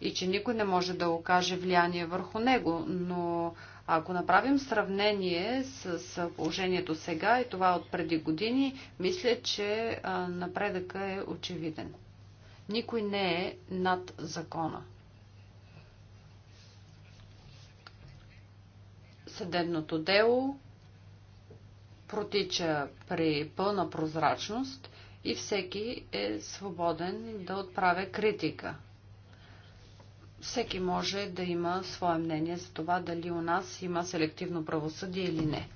и че никой не може да окаже влияние върху него, но ако направим сравнение с положението сега и това от преди години, мисля, че напредъка е очевиден. Никой не е над закона. Съдебното дело протича при пълна прозрачност и всеки е свободен да отправя критика. Всеки може да има свое мнение за това дали у нас има селективно правосъдие или не.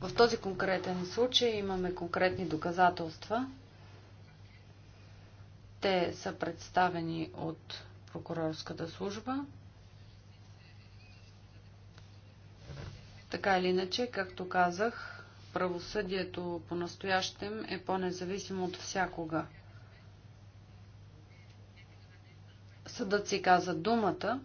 В този конкретен случай имаме конкретни доказателства. Те са представени от прокурорската служба. Така или иначе, както казах, правосъдието по-настоящем е по-независимо от всякога. Съдът си каза думата.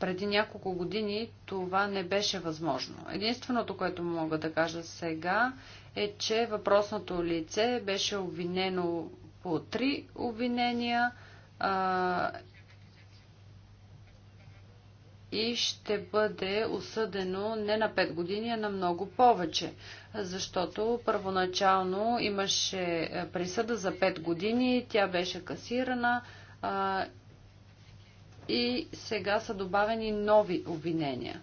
Преди няколко години това не беше възможно. Единственото, което мога да кажа сега е, че въпросното лице беше обвинено по три обвинения и ще бъде осъдено не на 5 години, а на много повече. Защото първоначално имаше е, присъда за 5 години, тя беше касирана а, и сега са добавени нови обвинения.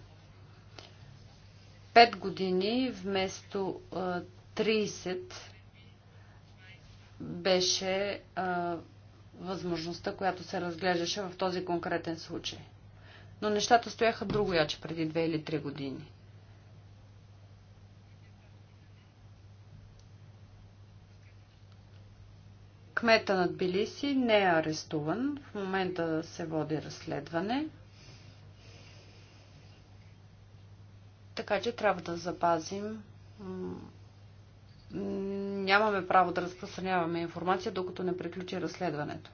5 години вместо а, е, 30 беше а, е, възможността, която се разглеждаше в този конкретен случай но нещата стояха друго яче преди две или три години. Кмета на Тбилиси не е арестуван. В момента се води разследване. Така че трябва да запазим. Нямаме право да разпространяваме информация, докато не приключи разследването.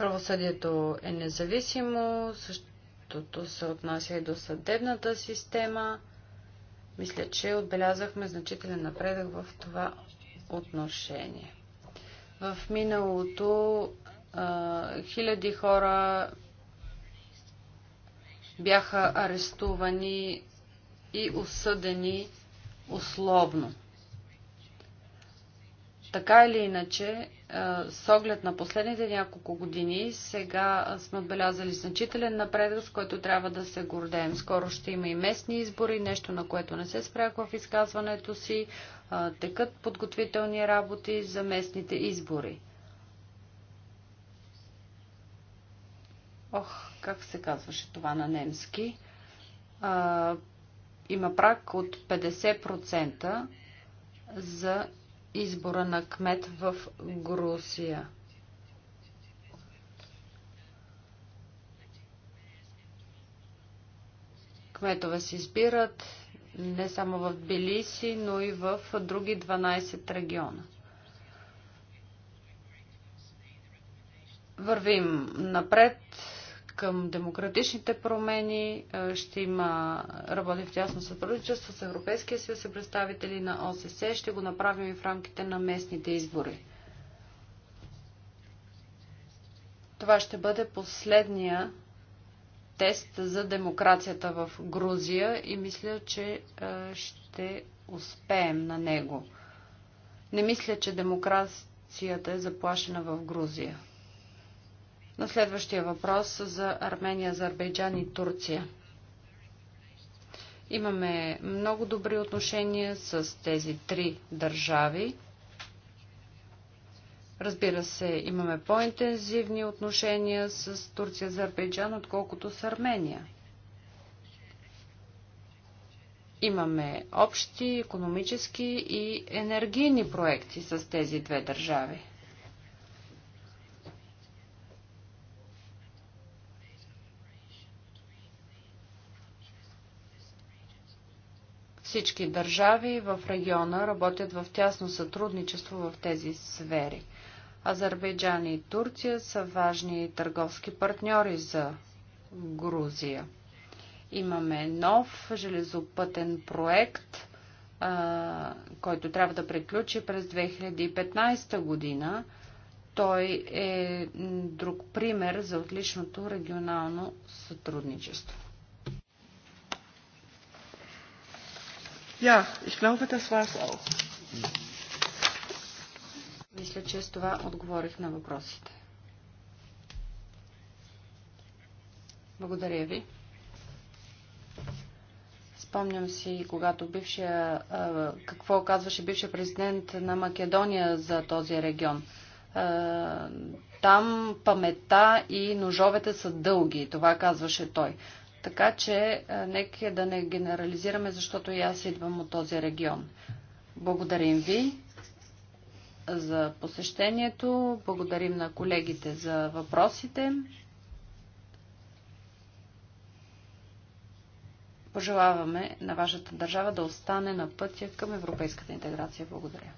Правосъдието е независимо, същото се отнася и до съдебната система. Мисля, че отбелязахме значителен напредък в това отношение. В миналото а, хиляди хора бяха арестувани и осъдени условно. Така или иначе, с оглед на последните няколко години, сега сме отбелязали значителен напредък, с който трябва да се гордеем. Скоро ще има и местни избори, нещо на което не се спрях в изказването си. Текат подготвителни работи за местните избори. Ох, как се казваше това на немски? има прак от 50% за избора на кмет в Грузия. Кметове се избират не само в Тбилиси, но и в други 12 региона. Вървим напред към демократичните промени. Ще има работи в тясно сътрудничество с Европейския съюз и представители на ОССЕ. Ще го направим и в рамките на местните избори. Това ще бъде последния тест за демокрацията в Грузия и мисля, че ще успеем на него. Не мисля, че демокрацията е заплашена в Грузия. На следващия въпрос за Армения, Азербайджан и Турция. Имаме много добри отношения с тези три държави. Разбира се, имаме по-интензивни отношения с Турция, Азербайджан, отколкото с Армения. Имаме общи економически и енергийни проекти с тези две държави. Всички държави в региона работят в тясно сътрудничество в тези сфери. Азербайджан и Турция са важни търговски партньори за Грузия. Имаме нов железопътен проект, който трябва да приключи през 2015 година. Той е друг пример за отличното регионално сътрудничество. Ja, ich glaube, das war's auch. Мисля, че с това отговорих на въпросите. Благодаря ви. Спомням си, когато бившия, какво казваше бившия президент на Македония за този регион. Там памета и ножовете са дълги, това казваше той. Така че е, нека да не генерализираме, защото и аз идвам от този регион. Благодарим ви за посещението. Благодарим на колегите за въпросите. Пожелаваме на вашата държава да остане на пътя към европейската интеграция. Благодаря.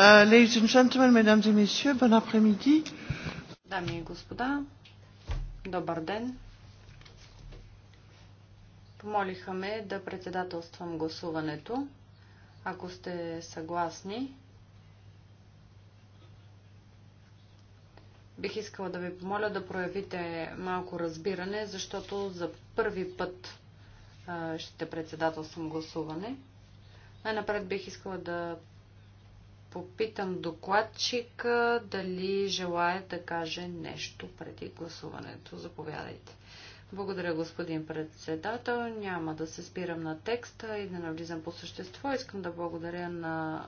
Uh, Дами и господа, добър ден. Помолиха ме да председателствам гласуването. Ако сте съгласни, бих искала да ви помоля да проявите малко разбиране, защото за първи път ще председателствам гласуване. Най-напред бих искала да попитам докладчика дали желая да каже нещо преди гласуването. Заповядайте. Благодаря, господин председател. Няма да се спирам на текста и да навлизам по същество. Искам да благодаря на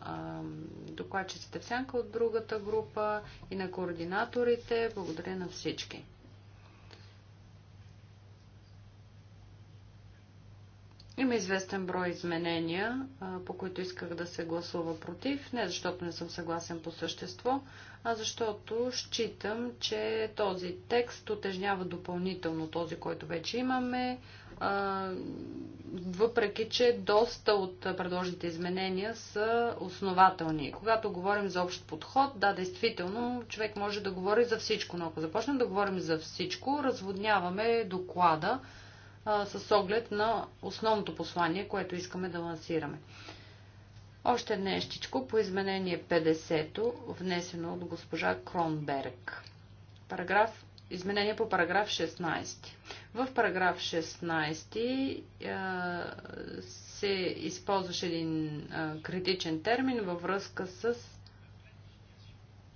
докладчиците в сянка от другата група и на координаторите. Благодаря на всички. Има известен брой изменения, по които исках да се гласува против. Не защото не съм съгласен по същество, а защото считам, че този текст отежнява допълнително този, който вече имаме. Въпреки, че доста от предложените изменения са основателни. Когато говорим за общ подход, да, действително, човек може да говори за всичко, но ако започнем да говорим за всичко, разводняваме доклада а, с оглед на основното послание, което искаме да лансираме. Още нещичко по изменение 50-то, внесено от госпожа Кронберг. Параграф, изменение по параграф 16. В параграф 16 а, се използваше един а, критичен термин във връзка с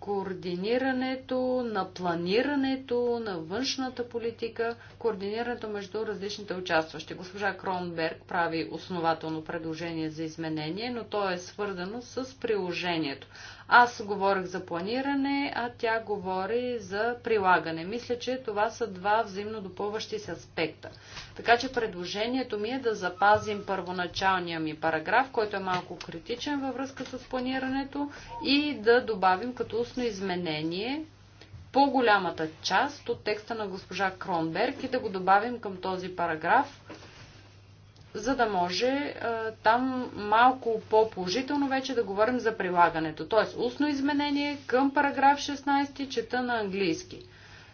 координирането на планирането на външната политика, координирането между различните участващи. Госпожа Кронберг прави основателно предложение за изменение, но то е свързано с приложението. Аз говорих за планиране, а тя говори за прилагане. Мисля, че това са два взаимно допълващи се аспекта. Така че предложението ми е да запазим първоначалния ми параграф, който е малко критичен във връзка с планирането и да добавим като устно изменение по-голямата част от текста на госпожа Кронберг и да го добавим към този параграф за да може а, е, там малко по-положително вече да говорим за прилагането. Тоест устно изменение към параграф 16, чета на английски.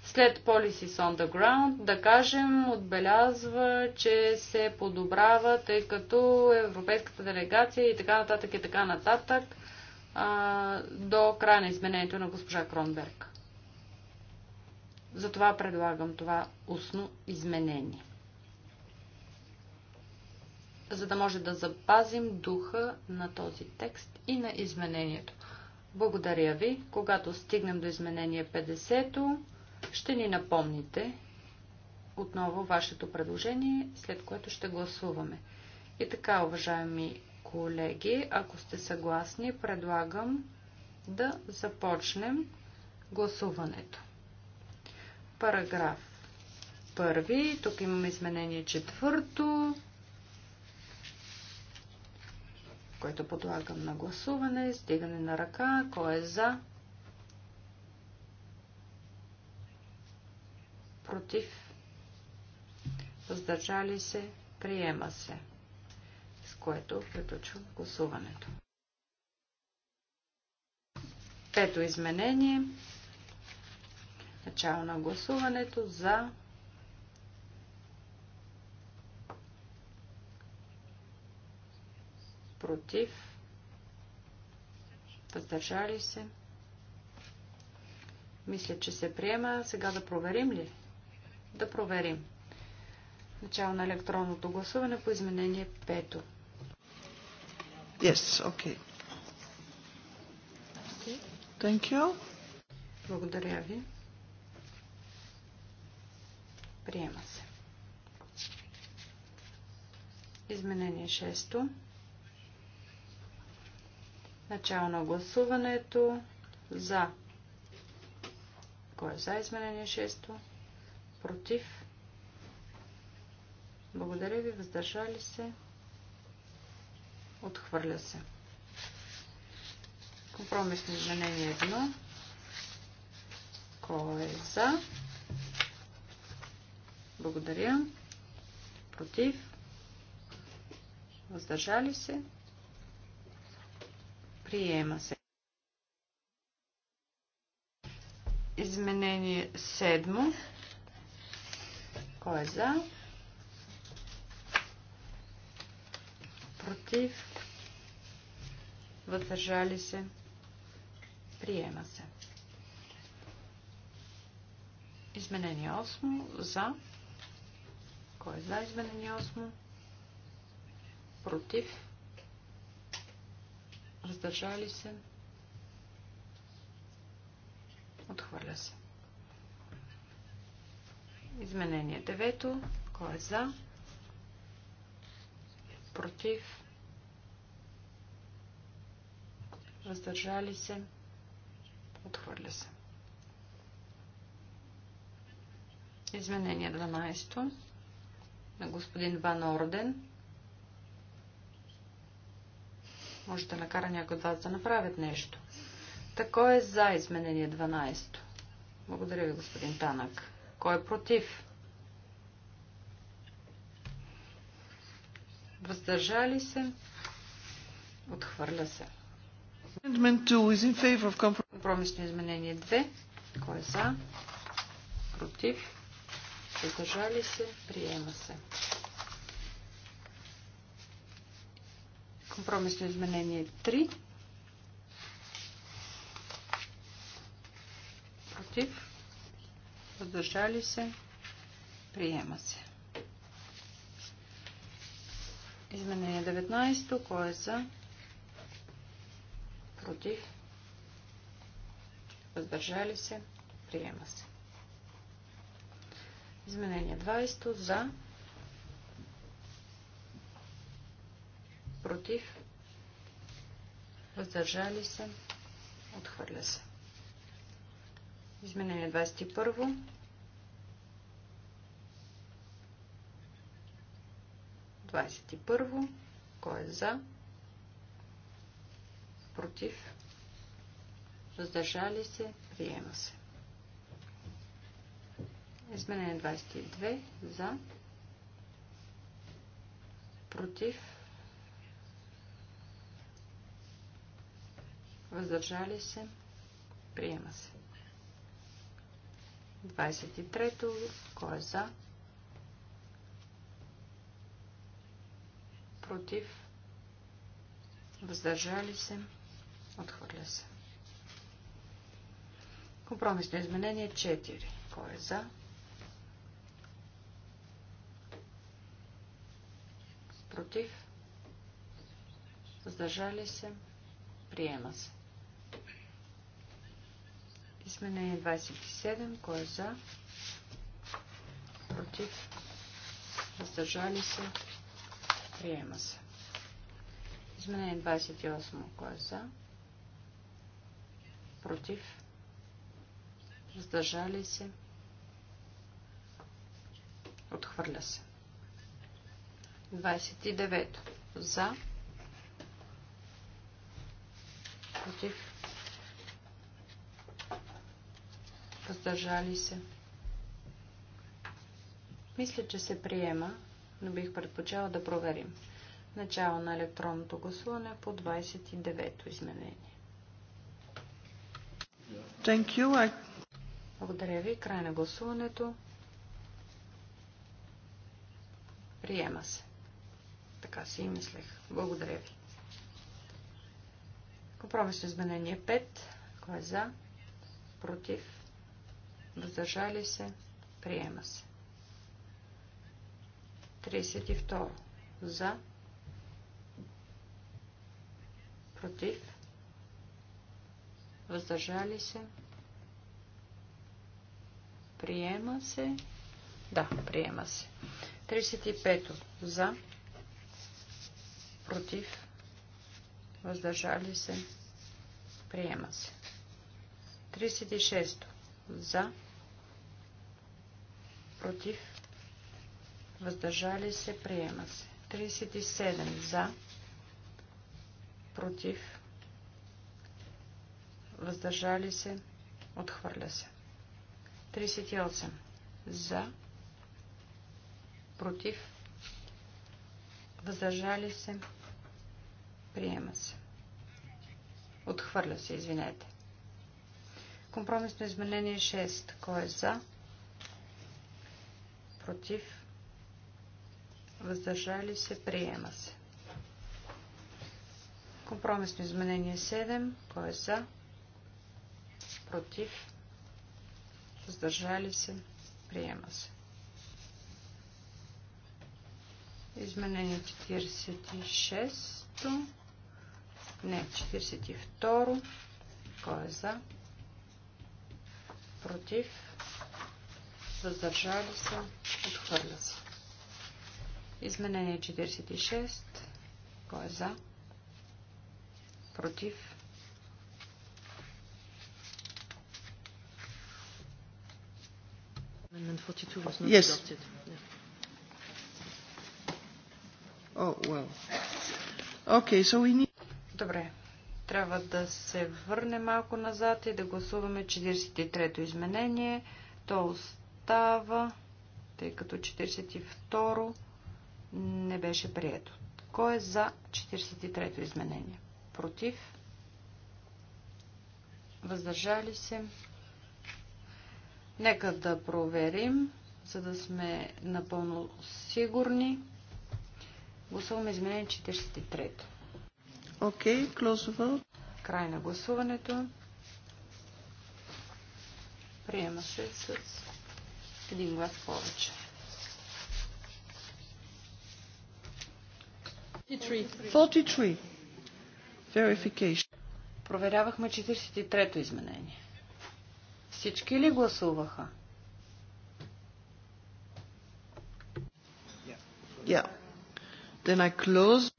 След Policies on the Ground, да кажем, отбелязва, че се подобрава, тъй като европейската делегация и така нататък и така нататък а, до края на изменението на госпожа Кронберг. Затова предлагам това устно изменение за да може да запазим духа на този текст и на изменението. Благодаря ви. Когато стигнем до изменение 50, ще ни напомните отново вашето предложение, след което ще гласуваме. И така, уважаеми колеги, ако сте съгласни, предлагам да започнем гласуването. Параграф първи. Тук имаме изменение четвърто. което подлагам на гласуване. Стигане на ръка. Кой е за? Против? Въздържали се? Приема се. С което приключвам гласуването. Пето изменение. Начало на гласуването за против, въздържали се. Мисля, че се приема. Сега да проверим ли? Да проверим. Начало на електронното гласуване по изменение 5. Yes, okay. okay. Thank you. Благодаря ви. Приема се. Изменение 6. Начало на гласуването. За. Кой е за изменение 6? Против. Благодаря ви. Въздържали се. Отхвърля се. Компромисно изменение 1. Кой е за? Благодаря. Против. Въздържали се. Приема се. Изменение седмо. Кой е за? Против? Въздържали се? Приема се. Изменение 8. За. Кой е за изменение 8? Против? Раздържали се, отхвърля се. Изменение 9. Кой е за? Против? Раздържали се? Отхвърля се. Изменение 12 на господин Ван Орден. може да накара някой от вас да направят нещо. Тако е за изменение 12. Благодаря ви, господин Танък. Кой е против? Въздържали се? Отхвърля се. Компромисно изменение 2. Кой е за? Против? Въздържали се? Приема се. Компромисно изменение 3. Против. Въздържали се. Приема се. Изменение 19. Кой е за? Против. Въздържали се. Приема се. Изменение 20. За. Против против, въздържали се, отхвърля се. Изменение 21. 21 Кой е за? Против? Въздържали се? Приема се. Изменение 22. За? Против? въздържали се, приема се. 23-то, кой е за? Против, въздържали се, отхвърля се. Компромисно изменение 4. Кой е за? Против? Въздържали се? Приема се. Изменение 27. Кой е за? Против? Въздържали се? Приема се. Изменение 28. Кой е за? Против? Въздържали се? Отхвърля се. 29. За? Против? въздържали се. Мисля, че се приема, но бих предпочела да проверим. Начало на електронното гласуване по 29-то изменение. Thank you. I... Благодаря ви. Край на гласуването. Приема се. Така си и мислех. Благодаря ви. Компромисно изменение 5. Кой е за? Против? въздържали се, приема се. 32. За, против, въздържали се, приема се, да, приема се. 35. За, против, въздържали се, приема се. 36 за, против, въздържали се, приема се. 37 за, против, въздържали се, отхвърля се. 38 за, против, въздържали се, приема се. Отхвърля се, извинете. Компромисно изменение 6. Кой е за? Против? Въздържали се? Приема се. Компромисно изменение 7. Кой е за? Против? Въздържали се? Приема се. Изменение 46. Не, 42. Кой е за? против, въздържали се, отхвърля се. Изменение 46. Кой е за? Против. Yes. Oh, well. Okay, so we need... Добре, трябва да се върне малко назад и да гласуваме 43-то изменение. То остава, тъй като 42-ро не беше прието. Кой е за 43-то изменение? Против? Въздържали се? Нека да проверим, за да сме напълно сигурни. Гласуваме изменение 43-то. Окей, okay, Край на гласуването. Приема се с един глас повече. 43. Verification. Проверявахме 43-то изменение. Всички ли гласуваха? Yeah. Then I close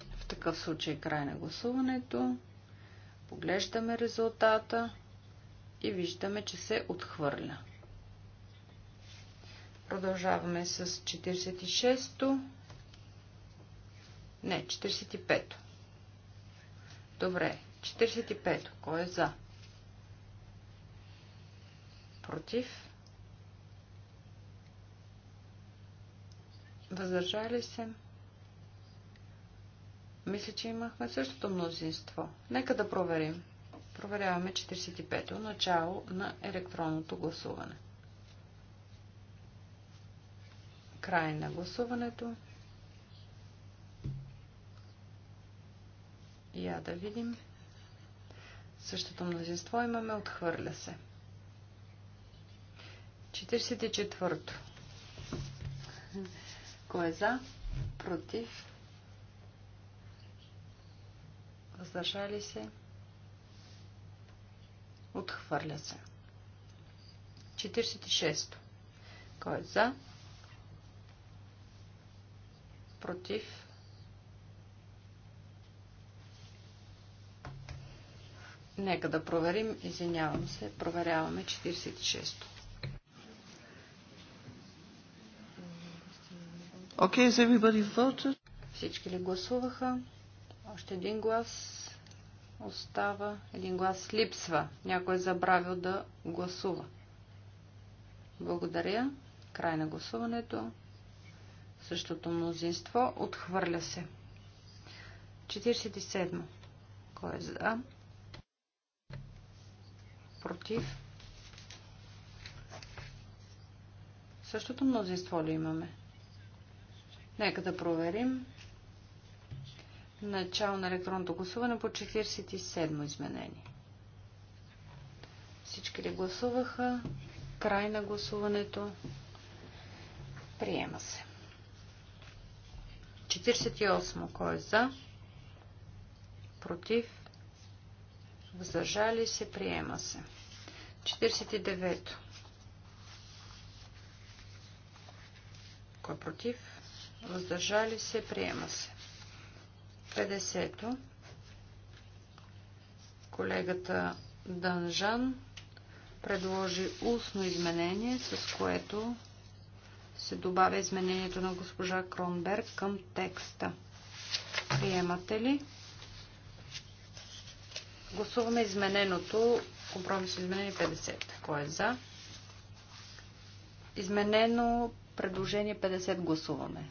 такъв случай край на гласуването. Поглеждаме резултата и виждаме, че се отхвърля. Продължаваме с 46-то. Не, 45-то. Добре, 45-то. Кой е за? Против? Въздържали се? Мисля, че имахме същото мнозинство. Нека да проверим. Проверяваме 45-то начало на електронното гласуване. Край на гласуването. Я да видим. Същото мнозинство имаме, отхвърля се. 44-то. Кое за? Против? въздържали се, отхвърля се. 46. Кой е за? Против? Нека да проверим. Извинявам се. Проверяваме 46-то. Okay, is everybody voted? Всички ли гласуваха? Още един глас остава. Един глас липсва. Някой е забравил да гласува. Благодаря. Край на гласуването. Същото мнозинство отхвърля се. 47. Кой е за? Против? Същото мнозинство ли имаме? Нека да проверим. Начало на електронното гласуване по 47 изменение. Всички ли гласуваха? Край на гласуването. Приема се. 48. Кой е за? Против? Въздържали се? Приема се. 49. Кой е против? Въздържали се? Приема се. 50-то. Колегата Данжан предложи устно изменение, с което се добавя изменението на госпожа Кронберг към текста. Приемате ли? Гласуваме измененото, компромисно изменение 50. Кой е за? Изменено предложение 50 гласуваме.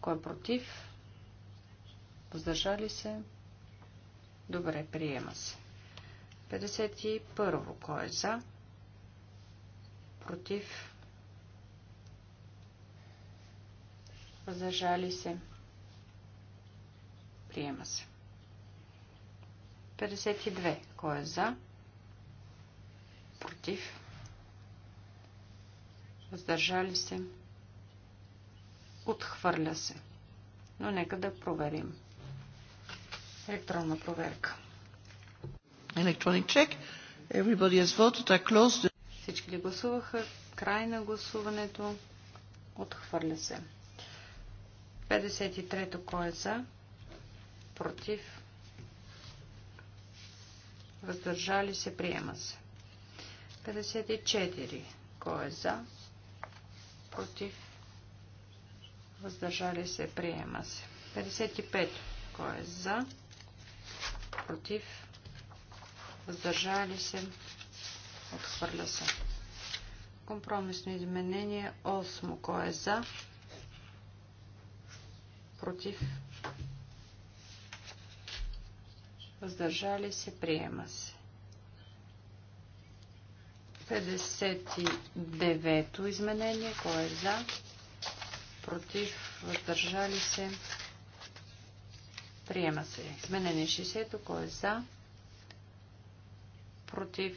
Кой е против? Въздържали се? Добре, приема се. 51. Кой е за? Против? Въздържали се? Приема се. 52. Кой е за? Против? Въздържали се? Отхвърля се. Но нека да проверим. 53. Електронна проверка. Electronic check. Everybody has voted. I closed. Всички ли гласуваха? Край на гласуването. Отхвърля се. 53-то кой е за? Против? Въздържали се? Приема се. 54 кой е за? Против? Въздържали се? Приема се. 55 кой е за? Против? против, въздържали се, отхвърля се. Компромисно изменение 8. Кой е за? Против. Въздържали се, приема се. 59-то изменение. Кой е за? Против. Въздържали се. Приема се. е 60-то. Кой е за? Против?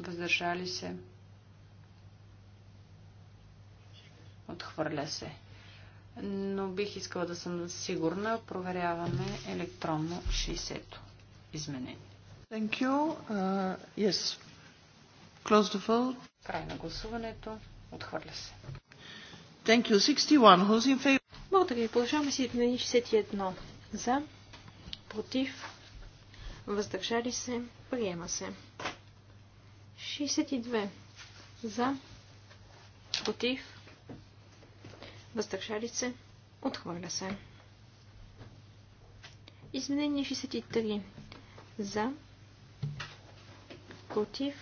Въздържали се? Отхвърля се. Но бих искала да съм сигурна. Проверяваме електронно 60-то изменение. Thank you. Uh, yes. Close the vote. Край на гласуването. Отхвърля се. Thank you. 61. Who's in favor? Благодаря ви. Продължаваме с 61. За, против, въздържали се, приема се. 62. За, против, въздържали се, отхвърля се. Изменение 63. За, против,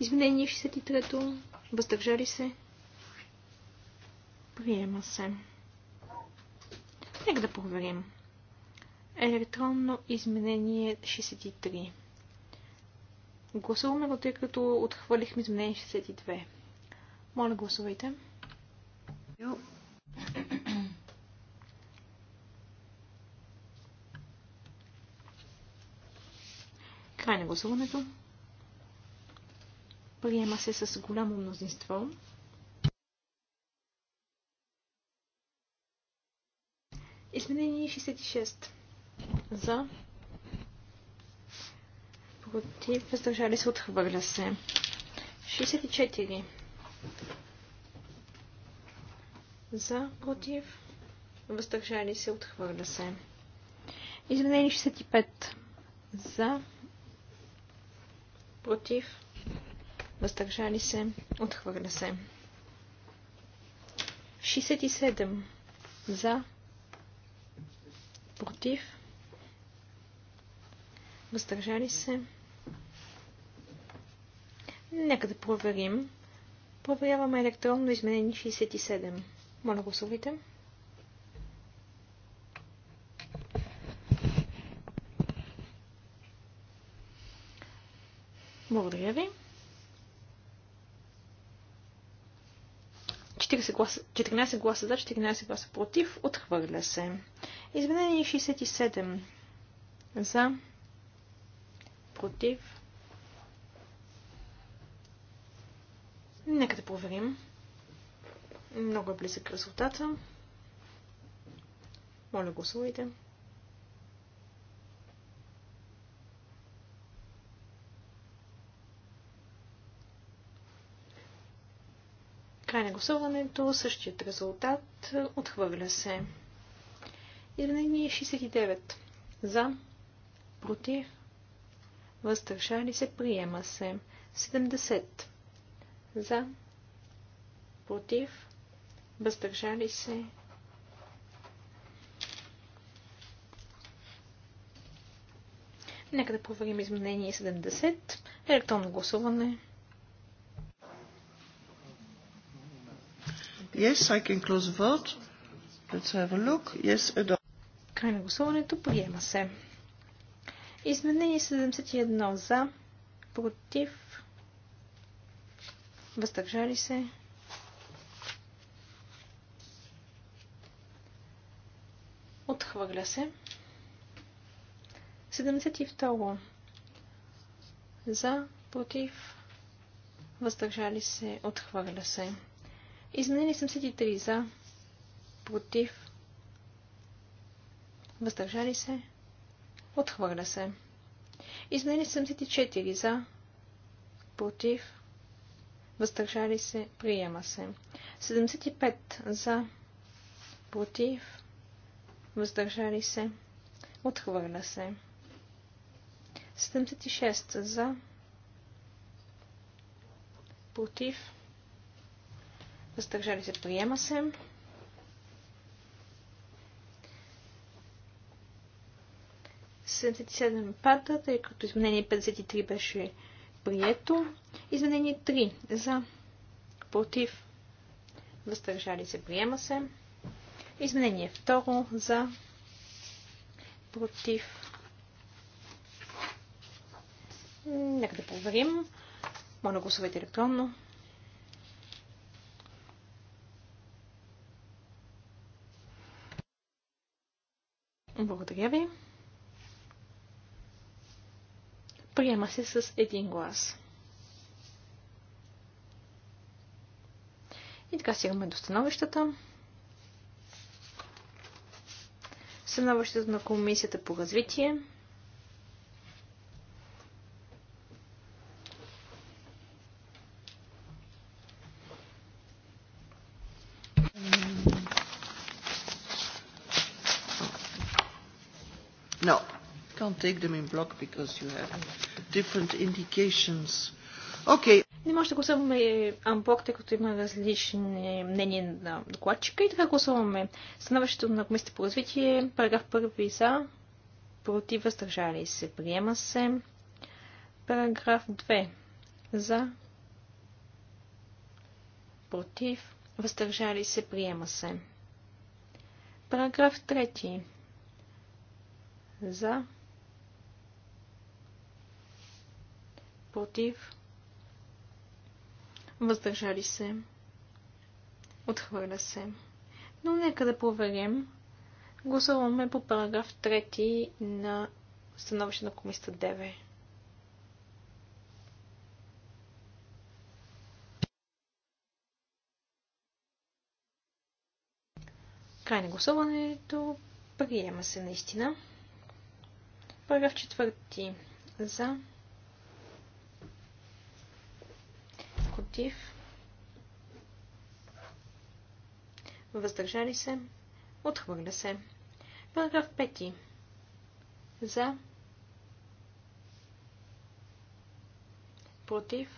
изменение 63. Въздържали се, Приема се. Нека да проверим. Електронно изменение 63. Гласуваме го, тъй като отхвърлихме изменение 62. Моля, гласувайте. Край на гласуването. Приема се с голямо мнозинство. 66. За. Против. Въздържали се. Отхвърля се. 64. За. Против. Въздържали се. Отхвърля се. Изменени 65. За. Против. Въздържали се. Отхвърля се. 67. За против, въздържали се. Нека да проверим. Проверяваме електронно изменение 67. Моля, гласувайте. Благодаря ви. 14 гласа за, 14 гласа против. Отхвърля се. Изменение 67. За. Против. Нека да проверим. Много е близък резултата. Моля, гласувайте. Край на гласуването, същият резултат отхвърля се. Изменение 69. За. Против. Въздържали се. Приема се. 70. За. Против. Въздържали се. Нека да проверим изменение 70. Електронно гласуване. Yes, I can close the vote. Let's have a look. Yes, adopt. Край на гласуването. Приема се. Изменение 71 за, против, въздържали се. Отхвърля се. 72 за, против, въздържали се, отхвърля се. Изменение 73 за, против, въздържали се, отхвърля се. Изменение 74 за, против, въздържали се, приема се. 75 за, против, въздържали се, отхвърля се. 76 за, против, въздържали се, приема се. 77 пада, тъй като изменение 53 беше прието. Изменение 3 за против въздържали се, приема се. Изменение 2 за против. Нека да проверим. Моля гласувайте електронно. Благодаря ви. Приема се с един глас. И така стигаме до становищата. Становището на Комисията по развитие. take them in block because you have different indications. Okay. Не може да гласуваме анблок, тъй като има различни мнения на докладчика и така гласуваме. Становището на Комисията по развитие, параграф първи за, против, въздържали се, приема се. Параграф 2 за, против, въздържали се, приема се. Параграф 3 за, против, въздържали се, отхвърля се. Но нека да проверим. Гласуваме по параграф 3 на становище на комисията 9. Край на гласуването. Приема се наистина. Параграф 4. За. против, въздържали се, отхвърля се. Параграф 5. За, против,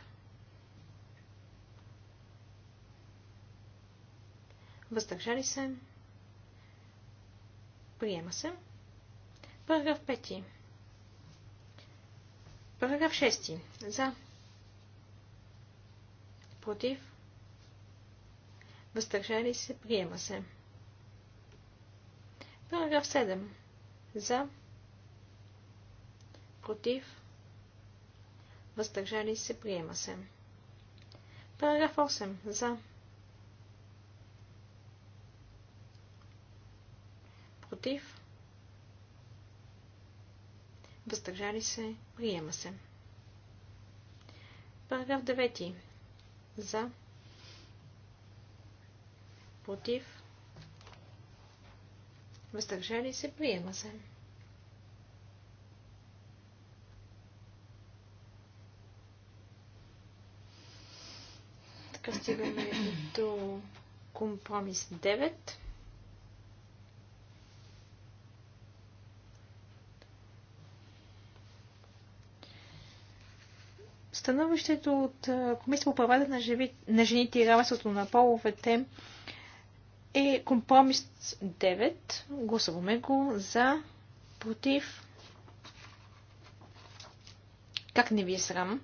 въздържали се, приема се. Параграф 5. Параграф 6. За, против, въздържали се, приема се. Параграф 7. За, против, въздържали се, приема се. Параграф 8. За, против, въздържали се, приема се. Параграф 9 за, против, въздържали се, приема се. Така стигаме до компромис 9. Становището от Комисията по правата на, живи... на жените и равенството на половете е компромис 9. Гласуваме го за, против. Как не ви е срам?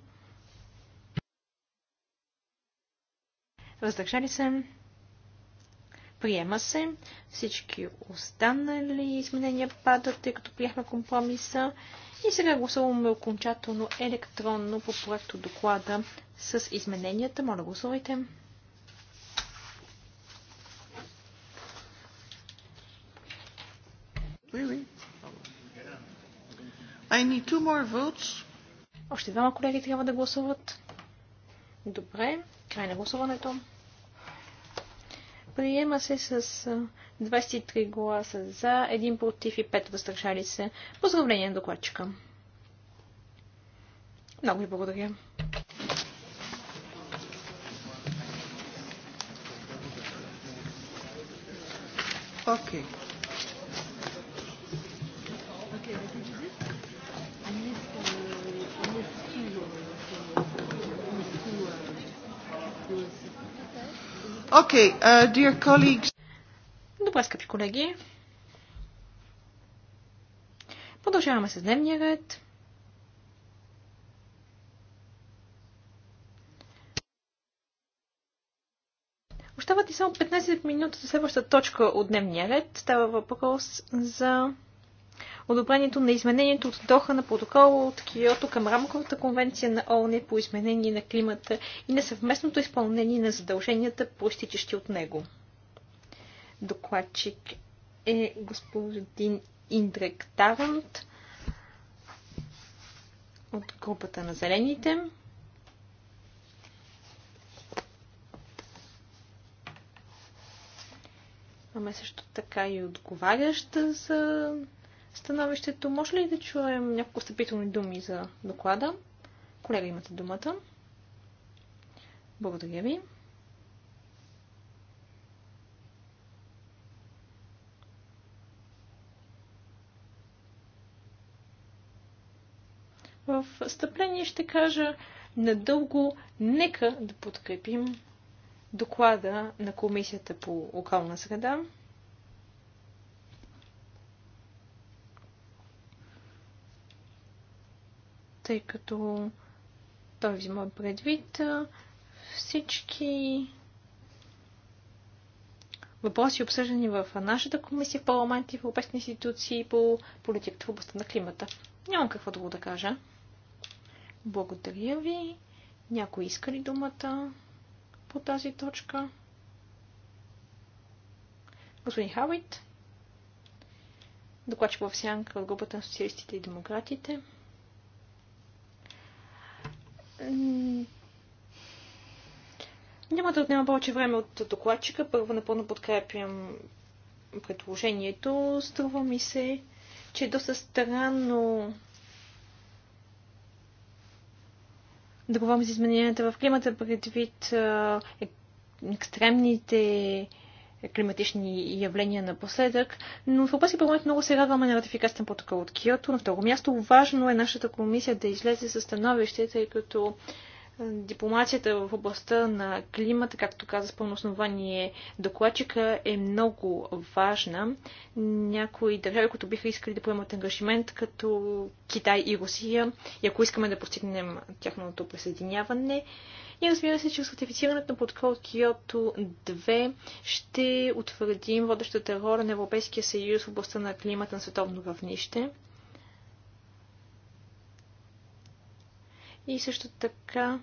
Въздържали се. Приема се. Всички останали изменения падат, тъй като приехме компромиса. И сега гласуваме окончателно електронно по проекто доклада с измененията. Моля, гласувайте. I need two more votes. Още двама колеги трябва да гласуват. Добре, край на гласуването. Приема се с 23 гласа за, 1 против и 5 въздържали се. Поздравление на докладчика. Много ви благодаря. Окей. Okay. Okay, uh, dear colleagues. Добре, скъпи колеги. Продължаваме с дневния ред. Остават ни само 15 минути за следващата точка от дневния ред. Става въпрос за одобрението на изменението от Доха на протокола от Киото към рамковата конвенция на ООН по изменение на климата и на съвместното изпълнение на задълженията, проистичащи от него докладчик е господин Индрек Тарант от групата на зелените. Имаме също така и отговаряща за становището. Може ли да чуем няколко стъпителни думи за доклада? Колега, имате думата. Благодаря ви. В стъпление ще кажа надълго, нека да подкрепим доклада на Комисията по околна среда. Тъй като той взима предвид всички въпроси, обсъждани в нашата комисия, в парламент и в европейски институции по политиката в областта на климата. Нямам какво друго да кажа. Благодаря ви. Някой иска ли думата по тази точка? Господин Хауит, докладчик в сянка от групата на социалистите и демократите. Няма да отнема повече време от докладчика. Първо напълно подкрепям предложението. Струва ми се, че е доста странно да говорим за измененията в климата предвид е, екстремните климатични явления напоследък, но в опаси парламент много се радваме на ратификацията на протокол от Киото. На второ място важно е нашата комисия да излезе със становище, тъй като дипломацията в областта на климата, както каза с пълно основание докладчика, е много важна. Някои държави, които биха искали да поемат ангажимент, като Китай и Русия, и ако искаме да постигнем тяхното присъединяване, и разбира се, че с ратифицирането на протокол Киото 2 ще утвърдим водещата роля на Европейския съюз в областта на климата на световно равнище. И също така,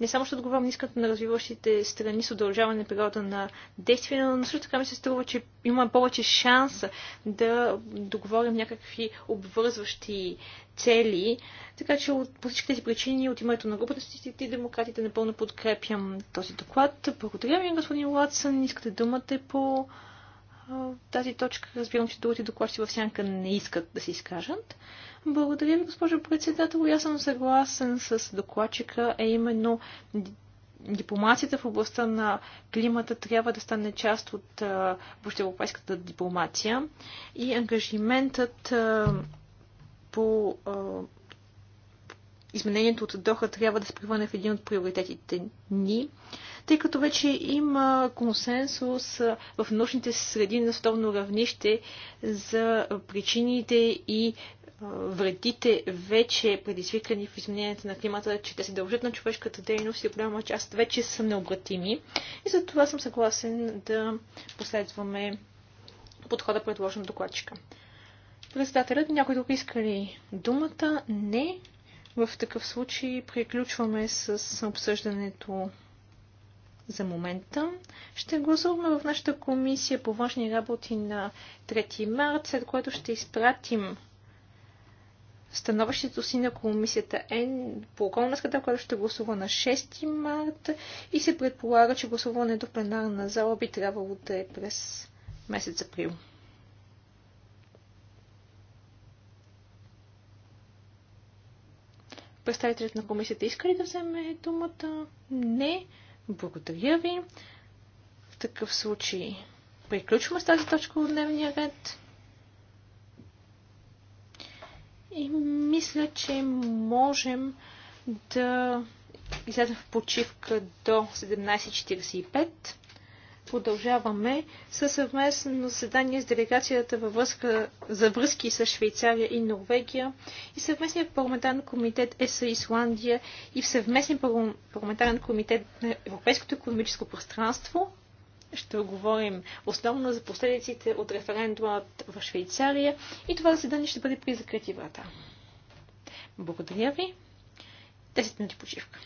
не само ще отговарям на искането на развиващите страни с удължаване на периода на действие, но също така ми се струва, че има повече шанс да договорим някакви обвързващи цели. Така че от, по всички тези причини от името на групата си и демократите напълно подкрепям този доклад. Благодаря ви, господин Латсън. Искате думата по тази точка. Разбирам, че другите докладчици в сянка не искат да се изкажат. Благодаря госпожо председател. Аз съм съгласен с докладчика, е именно дипломацията в областта на климата трябва да стане част от въобще европейската дипломация и ангажиментът а, по а, изменението от Доха трябва да се превърне в един от приоритетите ни, тъй като вече има консенсус в научните среди на световно равнище за причините и вредите вече предизвикани в измененията на климата, че те се дължат на човешката дейност и голяма част вече са необратими. И за това съм съгласен да последваме подхода предложен от докладчика. Председателят, някой друг иска ли думата? Не. В такъв случай приключваме с обсъждането за момента. Ще гласуваме в нашата комисия по важни работи на 3 март, след което ще изпратим становището си на комисията Н е по околна среда, която ще гласува на 6 март и се предполага, че гласуването в пленарна зала би трябвало да е през месец април. Представителят на комисията иска ли да вземе думата? Не. Благодаря ви. В такъв случай приключваме с тази точка от дневния ред. И мисля, че можем да излезем в почивка до 17.45. Продължаваме със съвместно заседание с делегацията във връзка, за връзки с Швейцария и Норвегия и съвместния парламентарен комитет ЕС Исландия и в съвместния парламентарен комитет на Европейското економическо пространство ще говорим основно за последиците от референдумът в Швейцария и това заседание ще бъде при закрити врата. Благодаря ви. 10 минути почивка.